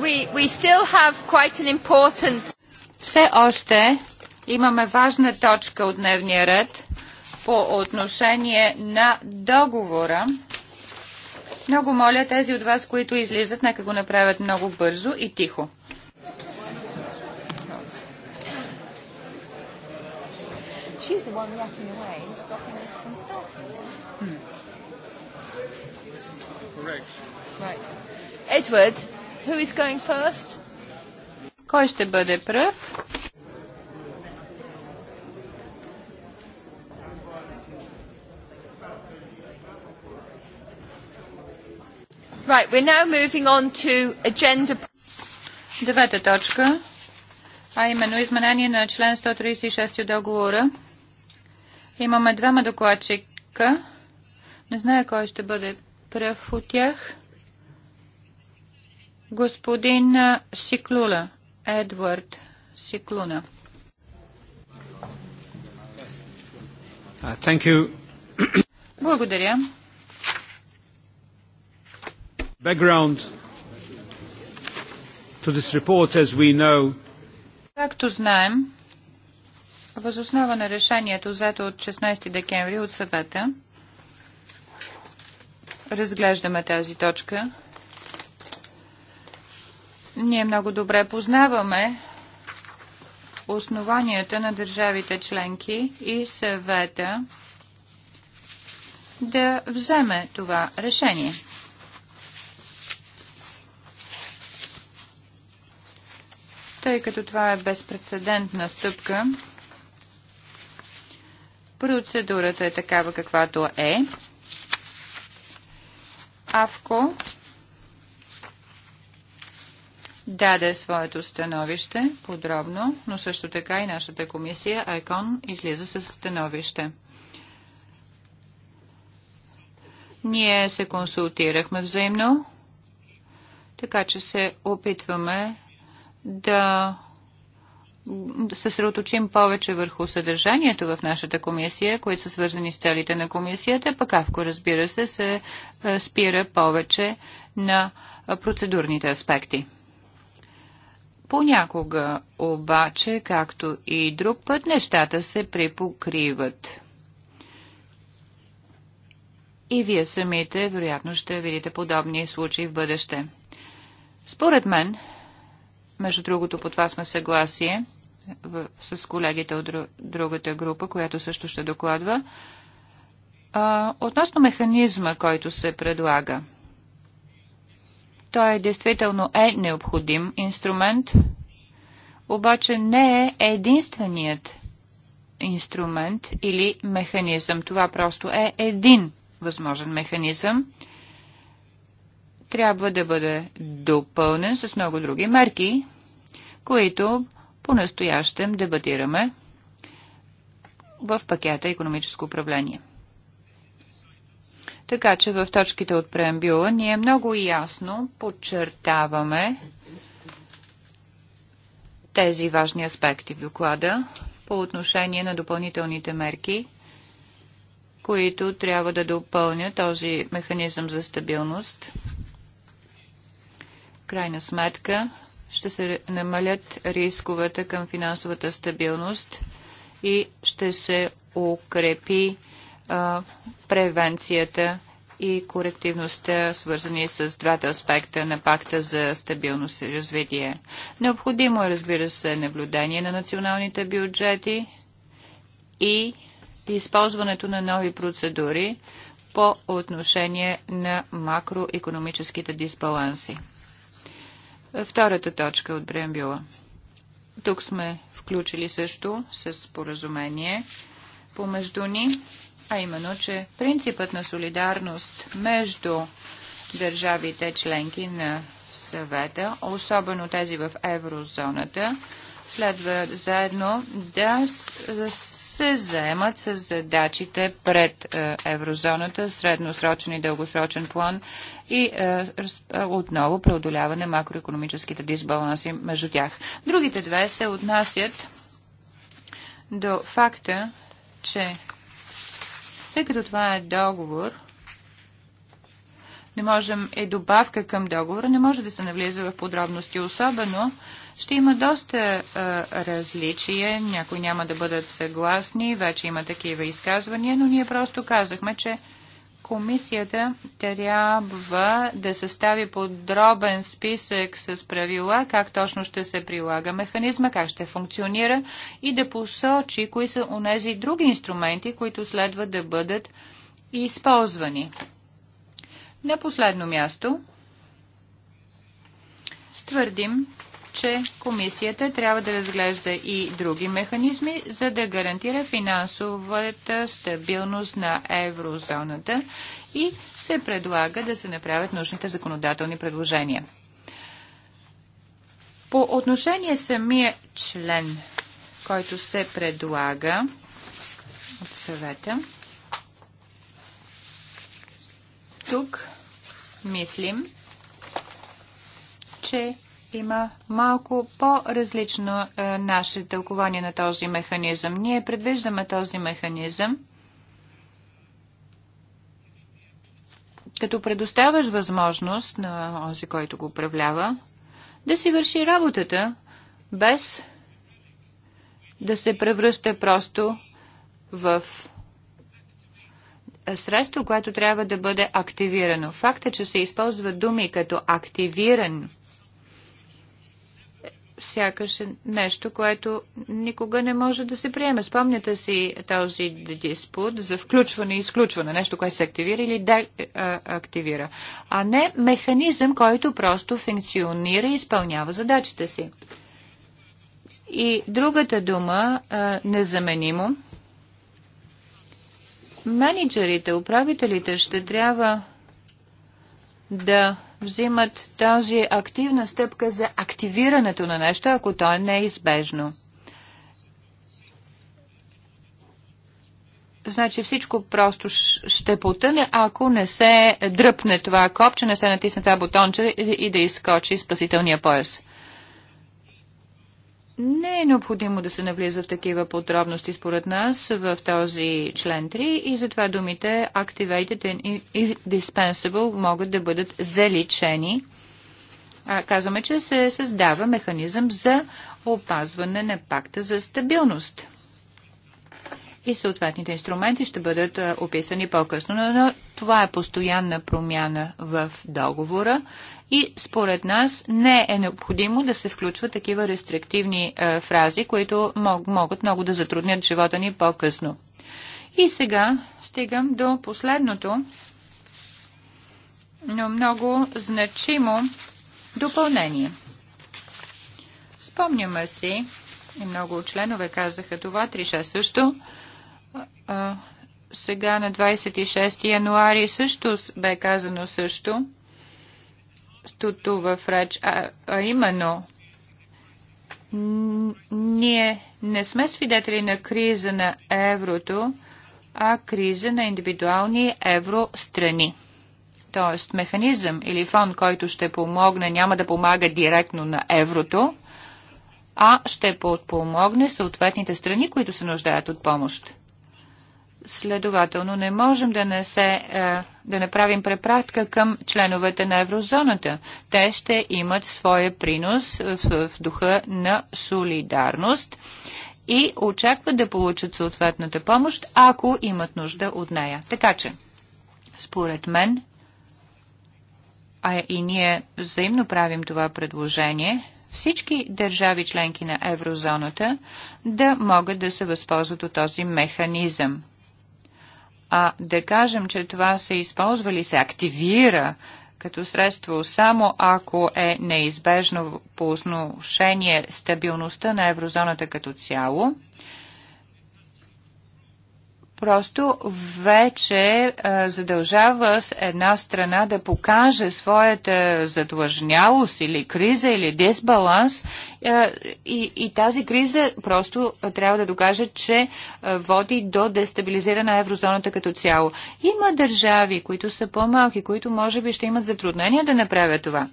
We, we still have quite an important... Все още имаме важна точка от дневния ред по отношение на договора. Много моля тези от вас, които излизат, нека го направят много бързо и тихо. She's the one yakking away stopping us from starting. Hmm. Correct. Right. Edward, Who is going first? Кой ще бъде пръв? Right, we're now moving on to agenda... Девета точка, а именно изменение на член 136 от договора. Имаме двама докладчика. Не знае кой ще бъде пръв от тях. Господин Сиклула, Едвард Сиклуна. Uh, Благодаря. Background to this report, as we know, Както знаем, възоснова на решението взето от 16 декември от съвета, разглеждаме тази точка ние много добре познаваме основанията на държавите членки и съвета да вземе това решение. Тъй като това е безпредседентна стъпка, процедурата е такава каквато е. Авко даде своето становище подробно, но също така и нашата комисия АЙКОН излиза с становище. Ние се консултирахме взаимно, така че се опитваме да съсредоточим повече върху съдържанието в нашата комисия, които са свързани с целите на комисията, пък ако разбира се, се спира повече на процедурните аспекти. Понякога обаче, както и друг път, нещата се припокриват. И вие самите, вероятно, ще видите подобни случаи в бъдеще. Според мен, между другото, по това сме съгласие в, с колегите от другата група, която също ще докладва, а, относно механизма, който се предлага – той действително е необходим инструмент, обаче не е единственият инструмент или механизъм. Това просто е един възможен механизъм. Трябва да бъде допълнен с много други мерки, които по-настоящем дебатираме в пакета економическо управление. Така че в точките от преамбюла ние много ясно подчертаваме тези важни аспекти в доклада по отношение на допълнителните мерки, които трябва да допълня този механизъм за стабилност. Крайна сметка ще се намалят рисковете към финансовата стабилност и ще се укрепи превенцията и корективността, свързани с двата аспекта на пакта за стабилност и развитие. Необходимо е, разбира се, наблюдение на националните бюджети и използването на нови процедури по отношение на макроекономическите дисбаланси. Втората точка от брембюла. Тук сме включили също с споразумение помежду ни а именно, че принципът на солидарност между държавите членки на съвета, особено тези в еврозоната, следва заедно да се заемат с задачите пред е, еврозоната, средносрочен и дългосрочен план и е, е, отново преодоляване макроекономическите дисбаланси между тях. Другите две се отнасят до факта, че тъй като това е договор, не можем, е добавка към договора, не може да се навлиза в подробности, особено ще има доста а, е, различия, някои няма да бъдат съгласни, вече има такива изказвания, но ние просто казахме, че комисията трябва да състави подробен списък с правила, как точно ще се прилага механизма, как ще функционира и да посочи кои са онези други инструменти, които следва да бъдат използвани. На последно място твърдим, че комисията трябва да разглежда и други механизми, за да гарантира финансовата стабилност на еврозоната и се предлага да се направят нужните законодателни предложения. По отношение самия член, който се предлага от съвета, тук мислим, че има малко по-различно е, наше тълкование на този механизъм. Ние предвиждаме този механизъм като предоставяш възможност на този, който го управлява, да си върши работата, без да се превръща просто в е, средство, което трябва да бъде активирано. Факта, че се използват думи като активиран сякаш е нещо, което никога не може да се приеме. Спомняте си този диспут за включване и изключване, нещо, което се активира или деактивира, е, а не механизъм, който просто функционира и изпълнява задачите си. И другата дума, незаменимо, менеджерите, управителите ще трябва да взимат тази активна стъпка за активирането на нещо, ако то е неизбежно. Значи всичко просто ще потъне, ако не се дръпне това копче, не се натисне това бутонче и да изкочи спасителния пояс. Не е необходимо да се навлиза в такива подробности според нас в този член 3 и затова думите activated and indispensable могат да бъдат заличени. А, казваме, че се създава механизъм за опазване на пакта за стабилност и съответните инструменти ще бъдат описани по-късно. Но това е постоянна промяна в договора и според нас не е необходимо да се включват такива рестриктивни е, фрази, които мог, могат много да затруднят живота ни по-късно. И сега стигам до последното, но много значимо допълнение. Спомняме си, и много членове казаха това, Триша също, а, сега на 26 януари също бе казано също. Туто в реч, а, а именно ние не сме свидетели на криза на еврото, а криза на индивидуални евространи. Тоест механизъм или фонд, който ще помогне, няма да помага директно на еврото, а ще подпомогне съответните страни, които се нуждаят от помощ. Следователно не можем да не, се, е, да не правим препратка към членовете на еврозоната. Те ще имат своя принос в, в духа на солидарност и очакват да получат съответната помощ, ако имат нужда от нея. Така че, според мен, а и ние взаимно правим това предложение, всички държави членки на еврозоната да могат да се възползват от този механизъм. А да кажем, че това се използва или се активира като средство само ако е неизбежно по отношение стабилността на еврозоната като цяло – просто вече е, задължава една страна да покаже своята задлъжнялост или криза или дисбаланс е, и, и тази криза просто трябва да докаже, че е, води до дестабилизиране на еврозоната като цяло. Има държави, които са по-малки, които може би ще имат затруднения да направят това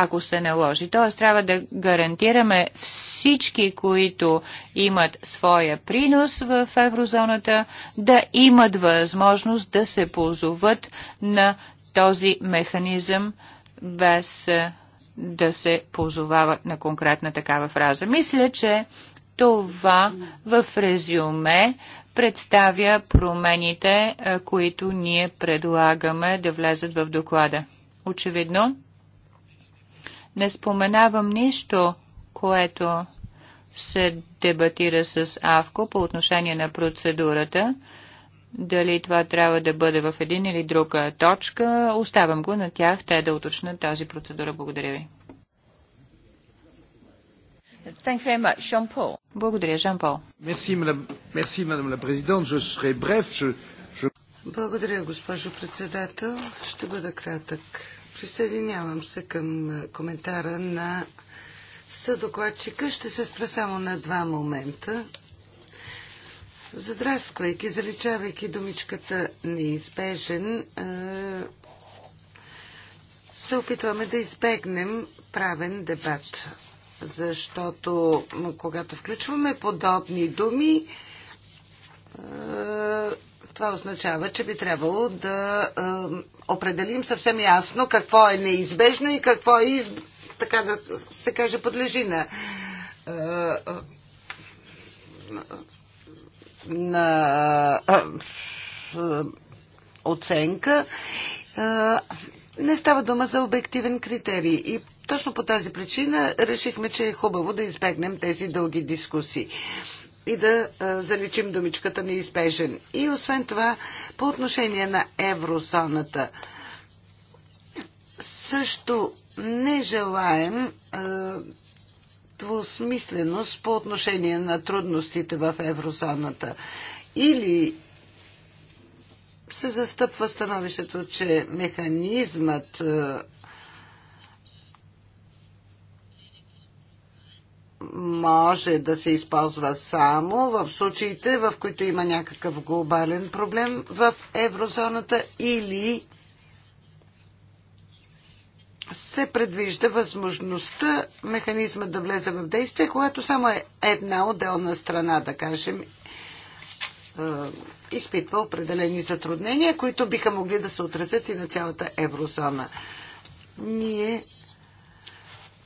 ако се наложи. Т.е. трябва да гарантираме всички, които имат своя принос в еврозоната, да имат възможност да се позоват на този механизъм без е, да се ползувават на конкретна такава фраза. Мисля, че това в резюме представя промените, е, които ние предлагаме да влезат в доклада. Очевидно, не споменавам нищо, което се дебатира с АВКО по отношение на процедурата. Дали това трябва да бъде в един или друга точка, Оставам го на тях, те да уточнат тази процедура. Благодаря ви. Благодаря, Жан Пол. Благодаря, госпожо председател. Ще бъда кратък. Присъединявам се към коментара на съдокладчика. Ще се спра само на два момента. Задрасквайки, заличавайки думичката неизбежен, се опитваме да избегнем правен дебат. Защото когато включваме подобни думи, това означава, че би трябвало да определим съвсем ясно какво е неизбежно и какво е, изб... така да се каже, подлежи на на оценка. Не става дума за обективен критерий. И точно по тази причина решихме, че е хубаво да избегнем тези дълги дискусии и да заличим думичката неизбежен. И освен това, по отношение на еврозоната, също не желаем двусмисленост по отношение на трудностите в еврозоната. Или се застъпва становището, че механизмът може да се използва само в случаите, в които има някакъв глобален проблем в еврозоната или се предвижда възможността механизма да влезе в действие, когато само е една отделна страна, да кажем, изпитва определени затруднения, които биха могли да се отразят и на цялата еврозона. Ние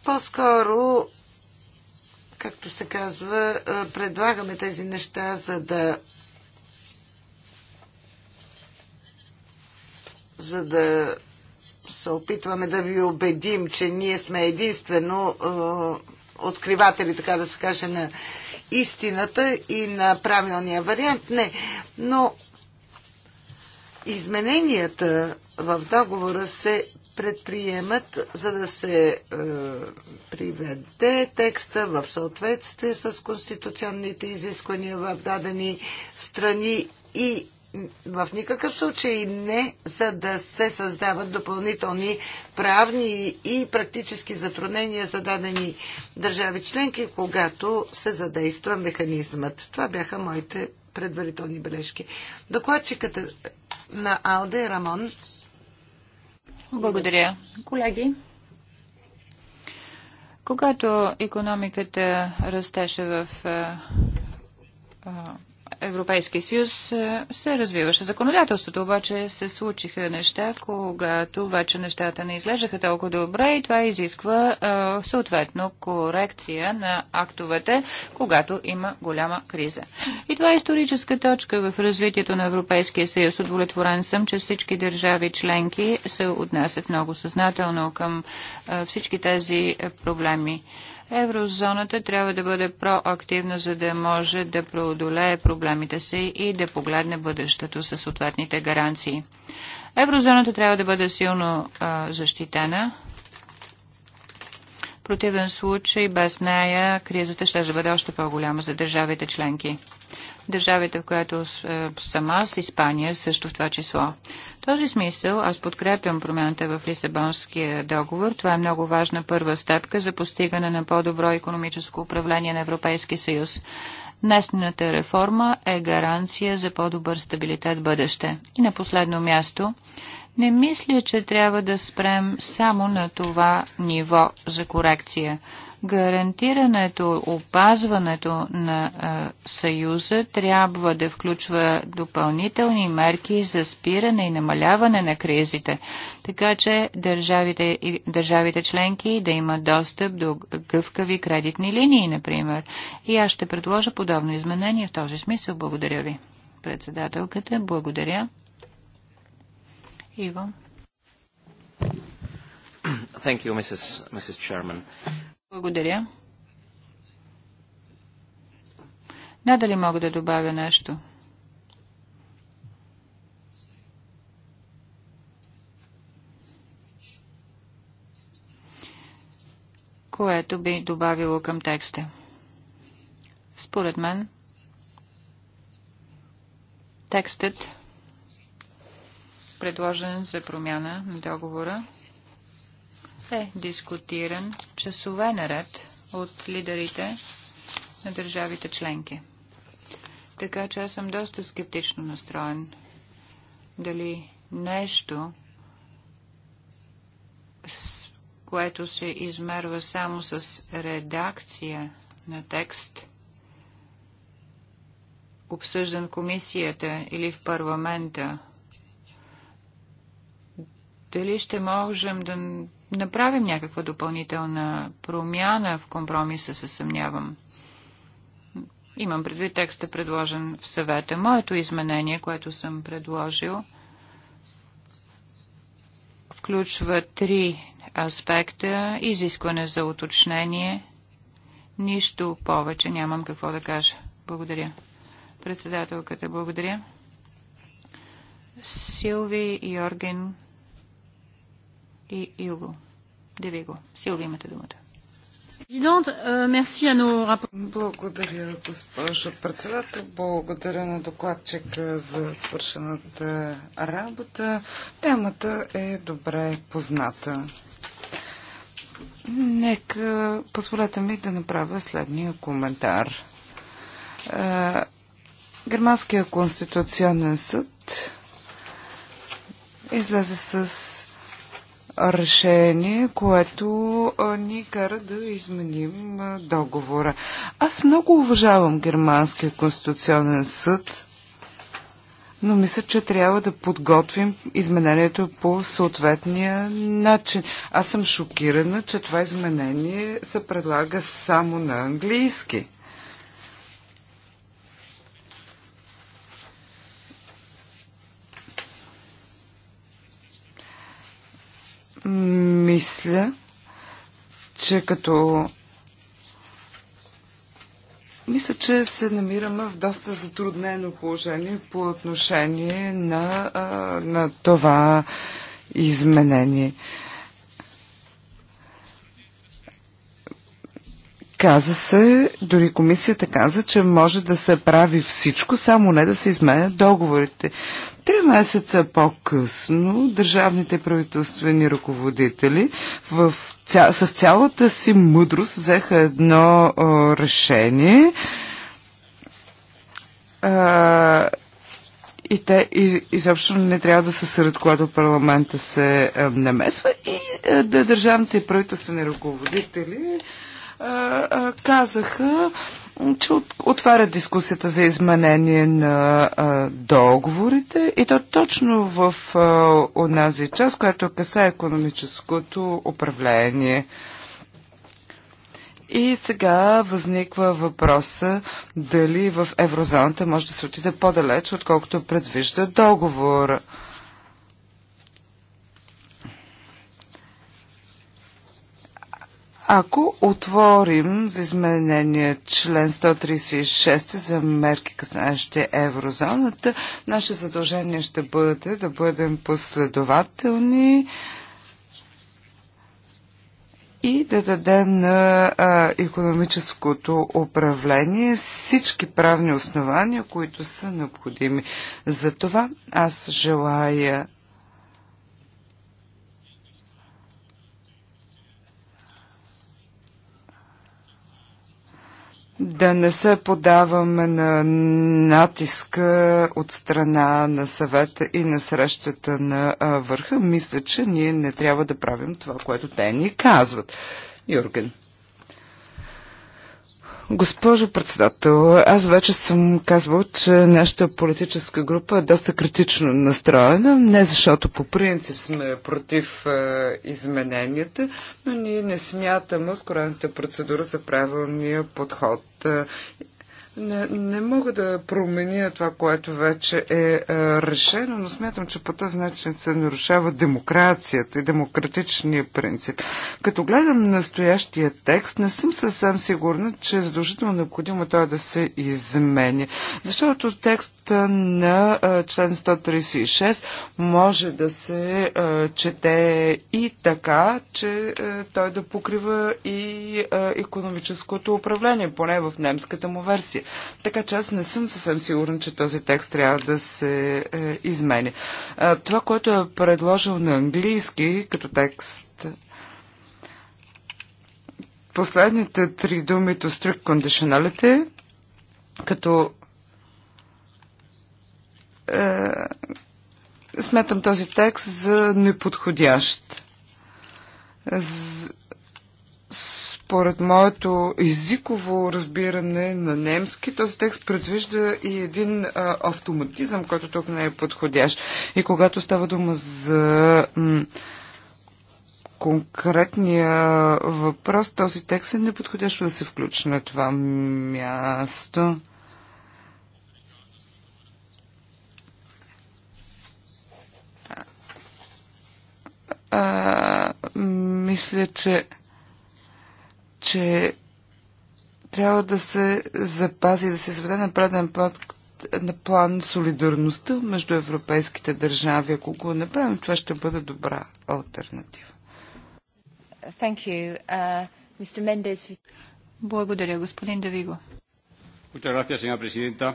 по-скоро Както се казва, предлагаме тези неща, за да за да се опитваме да ви убедим, че ние сме единствено е, откриватели, така да се каже, на истината и на правилния вариант. Не, но измененията в договора се предприемат, за да се е, приведе текста в съответствие с конституционните изисквания в дадени страни и в никакъв случай не за да се създават допълнителни правни и практически затруднения за дадени държави членки, когато се задейства механизмът. Това бяха моите предварителни бележки. Докладчиката на Алде Рамон благодаря. Колеги, когато економиката растеше в Европейския съюз е, се развиваше законодателството, обаче се случиха неща, когато вече нещата не излежаха толкова добре и това изисква е, съответно корекция на актовете, когато има голяма криза. И това е историческа точка в развитието на Европейския съюз. Удовлетворен съм, че всички държави членки се отнасят много съзнателно към е, всички тези проблеми. Еврозоната трябва да бъде проактивна, за да може да преодолее проблемите си и да погледне бъдещето със съответните гаранции. Еврозоната трябва да бъде силно а, защитена. В противен случай, без нея, кризата ще, ще бъде още по-голяма за държавите членки. Държавите, в която е, съм аз, Испания, също в това число. В този смисъл аз подкрепям промяната в Лисабонския договор. Това е много важна първа стъпка за постигане на по-добро економическо управление на Европейския съюз. Днесната реформа е гаранция за по-добър стабилитет бъдеще. И на последно място, не мисля, че трябва да спрем само на това ниво за корекция. Гарантирането, опазването на а, Съюза трябва да включва допълнителни мерки за спиране и намаляване на кризите, така че държавите, държавите членки да имат достъп до гъвкави кредитни линии, например. И аз ще предложа подобно изменение в този смисъл. Благодаря ви, председателката. Благодаря. Иво. Thank you, Mrs. Mrs. Chairman. Благодаря. Надали мога да добавя нещо? което би добавило към текста. Според мен, текстът, предложен за промяна на договора, е дискутиран часове наред от лидерите на държавите членки. Така че аз съм доста скептично настроен дали нещо, което се измерва само с редакция на текст, обсъждан в комисията или в парламента, дали ще можем да направим някаква допълнителна промяна в компромиса, се съмнявам. Имам предвид текста, предложен в съвета. Моето изменение, което съм предложил, включва три аспекта. Изискване за уточнение. Нищо повече нямам какво да кажа. Благодаря. Председателката, благодаря. Силви Йорген и Юго. го. Силви, имате думата. Е, Благодаря, госпожо председател. Благодаря на докладчика за свършената работа. Темата е добре позната. Нека позволете ми да направя следния коментар. Е, Германския конституционен съд излезе с решение, което ни кара да изменим договора. Аз много уважавам Германския конституционен съд, но мисля, че трябва да подготвим изменението по съответния начин. Аз съм шокирана, че това изменение се предлага само на английски. Мисля, че като мисля, че се намираме в доста затруднено положение по отношение на, на това изменение. Каза се, дори комисията каза, че може да се прави всичко, само не да се изменят договорите. Три месеца по-късно държавните правителствени ръководители в ця... с цялата си мъдрост взеха едно о, решение а, и те изобщо не трябва да са сред когато парламента се а, намесва и а, да държавните правителствени ръководители а, а, казаха че отваря дискусията за изменение на а, договорите и то точно в а, онази част, която каса економическото управление. И сега възниква въпроса дали в еврозоната може да се отиде по-далеч, отколкото предвижда договор. Ако отворим за изменение член 136 за мерки касащи еврозоната, наше задължение ще бъде да бъдем последователни и да дадем на а, економическото управление всички правни основания, които са необходими. За това аз желая да не се подаваме на натиска от страна на съвета и на срещата на върха. Мисля, че ние не трябва да правим това, което те ни казват. Юрген. Госпожо председател, аз вече съм казвал, че нашата политическа група е доста критично настроена, не защото по принцип сме против е, измененията, но ние не смятаме скорената процедура за правилния подход. Е, не, не мога да променя това, което вече е, е решено, но смятам, че по този начин се нарушава демокрацията и демократичния принцип. Като гледам настоящия текст, не съм съвсем сигурна, че е задължително необходимо той да се измени. Защото текст на а, е, член 136 може да се е, чете и така, че той да покрива и економическото управление, поне в немската му версия. Така че аз не съм съвсем сигурен, че този текст трябва да се е, измени. А, това, което е предложил на английски като текст, последните три думи to strict conditionality, като е, сметам този текст за неподходящ. Според моето езиково разбиране на немски, този текст предвижда и един а, автоматизъм, който тук не е подходящ. И когато става дума за конкретния въпрос, този текст е неподходящо да се включи на това място. А, мисля, че че трябва да се запази, да се изведе на преден път на план солидарността между европейските държави. Ако го направим, това ще бъде добра альтернатива. Thank you. Uh, Mr. Благодаря, господин Давиго. Muchas gracias, señora presidenta.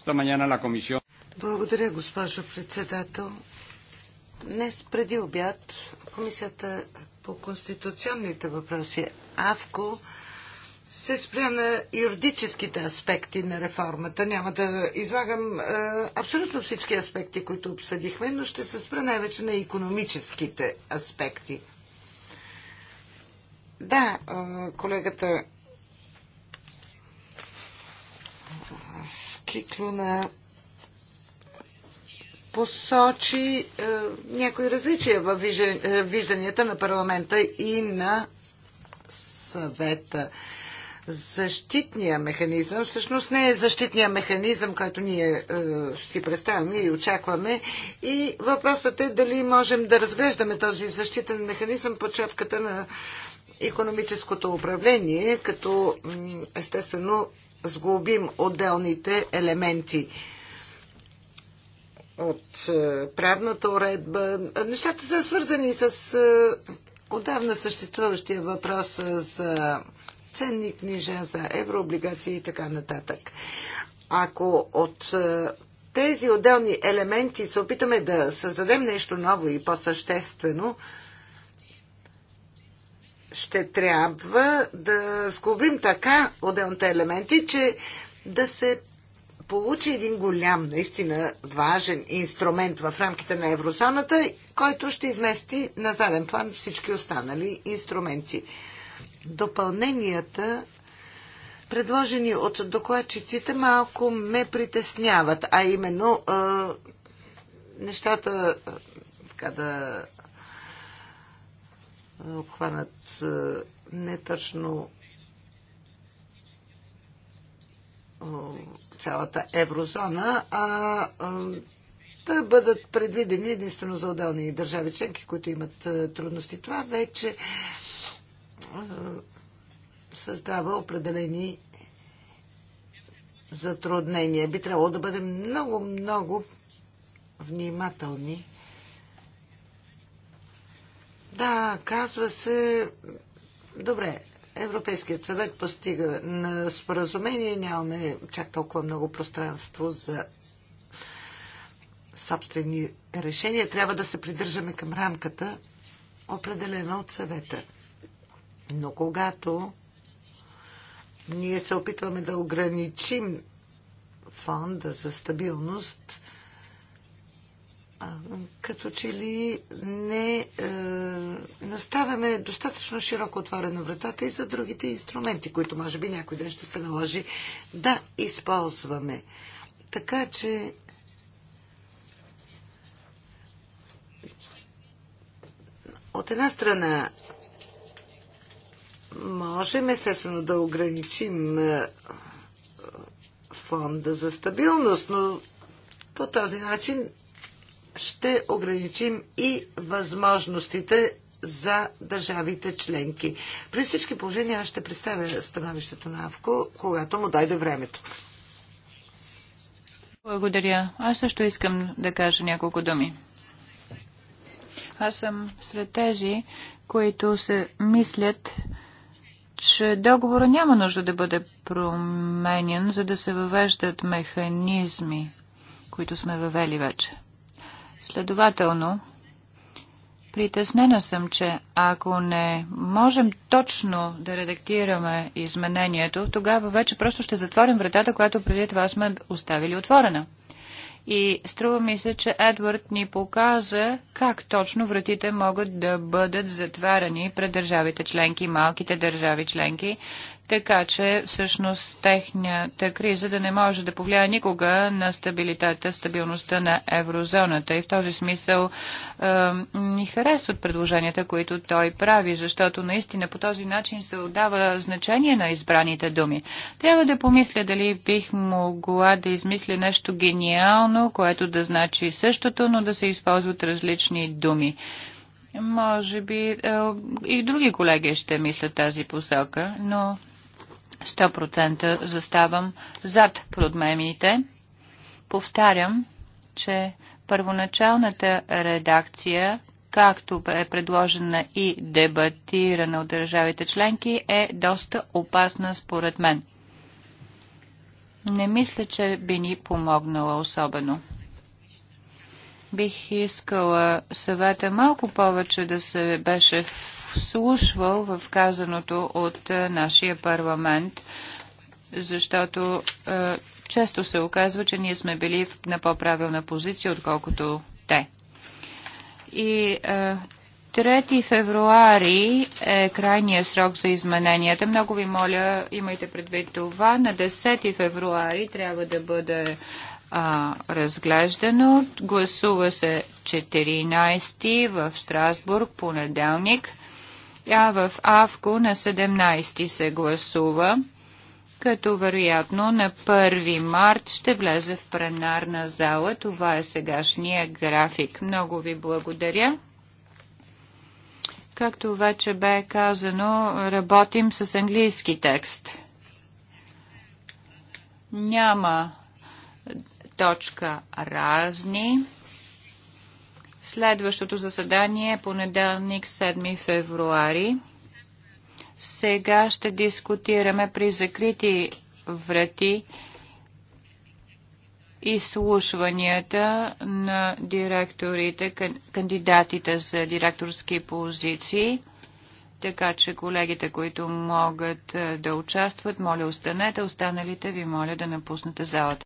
Esta mañana la comisión... Благодаря, госпожо председател. Днес преди обяд комисията по конституционните въпроси АВКО се спря на юридическите аспекти на реформата. Няма да излагам е, абсолютно всички аспекти, които обсъдихме, но ще се спра най-вече на економическите аспекти. Да, е, колегата Скиклюна посочи е, някои различия в е, вижданията на парламента и на съвета. Защитния механизъм всъщност не е защитния механизъм, който ние е, си представяме и очакваме. И въпросът е дали можем да разглеждаме този защитен механизъм по чапката на економическото управление, като естествено сглобим отделните елементи от е, правната уредба. Нещата са свързани с е, отдавна съществуващия въпрос за ценни книжа, за еврооблигации и така нататък. Ако от е, тези отделни елементи се опитаме да създадем нещо ново и по-съществено, ще трябва да сглобим така отделните елементи, че да се получи един голям, наистина важен инструмент в рамките на еврозоната, който ще измести на заден план всички останали инструменти. Допълненията, предложени от докладчиците, малко ме притесняват, а именно е, нещата така да обхванат не точно цялата еврозона, а да бъдат предвидени единствено за отделни държави членки, които имат трудности. Това вече създава определени затруднения. Би трябвало да бъдем много, много внимателни. Да, казва се. Добре, Европейският съвет постига на споразумение. Нямаме чак толкова много пространство за собствени решения. Трябва да се придържаме към рамката, определена от съвета. Но когато ние се опитваме да ограничим фонда за стабилност, като че ли не е, наставяме достатъчно широко отворена вратата и за другите инструменти, които може би някой ден ще се наложи да използваме. Така че от една страна можем естествено да ограничим е, фонда за стабилност, но по този начин ще ограничим и възможностите за държавите членки. При всички положения аз ще представя становището на АВКО, когато му дойде времето. Благодаря. Аз също искам да кажа няколко думи. Аз съм сред тези, които се мислят, че договора няма нужда да бъде променен, за да се въвеждат механизми, които сме въвели вече. Следователно, притеснена съм, че ако не можем точно да редактираме изменението, тогава вече просто ще затворим вратата, която преди това сме оставили отворена. И струва ми се, че Едвард ни показа как точно вратите могат да бъдат затваряни пред държавите членки, малките държави членки, така че всъщност техната криза да не може да повлияе никога на стабилитета, стабилността на еврозоната. И в този смисъл е, ни харесват предложенията, които той прави, защото наистина по този начин се отдава значение на избраните думи. Трябва да помисля дали бих могла да измисля нещо гениално, което да значи същото, но да се използват различни думи. Може би е, и други колеги ще мислят тази посока, но 100% заставам зад проблемите. Повтарям, че първоначалната редакция, както е предложена и дебатирана от държавите членки, е доста опасна според мен. Не мисля, че би ни помогнала особено. Бих искала съвета малко повече да се беше в вслушвал в казаното от е, нашия парламент, защото е, често се оказва, че ние сме били на по-правилна позиция, отколкото те. И 3 е, февруари е крайния срок за измененията. Много ви моля, имайте предвид това. На 10 февруари трябва да бъде а, разглеждано. Гласува се 14 в Страсбург, понеделник. Тя в Авко на 17 се гласува, като вероятно на 1 март ще влезе в пленарна зала. Това е сегашния график. Много ви благодаря. Както вече бе казано, работим с английски текст. Няма точка разни. Следващото заседание е понеделник 7 февруари. Сега ще дискутираме при закрити врати изслушванията на директорите, кандидатите за директорски позиции. Така че колегите, които могат е, да участват, моля останете, останалите ви моля да напуснете залата.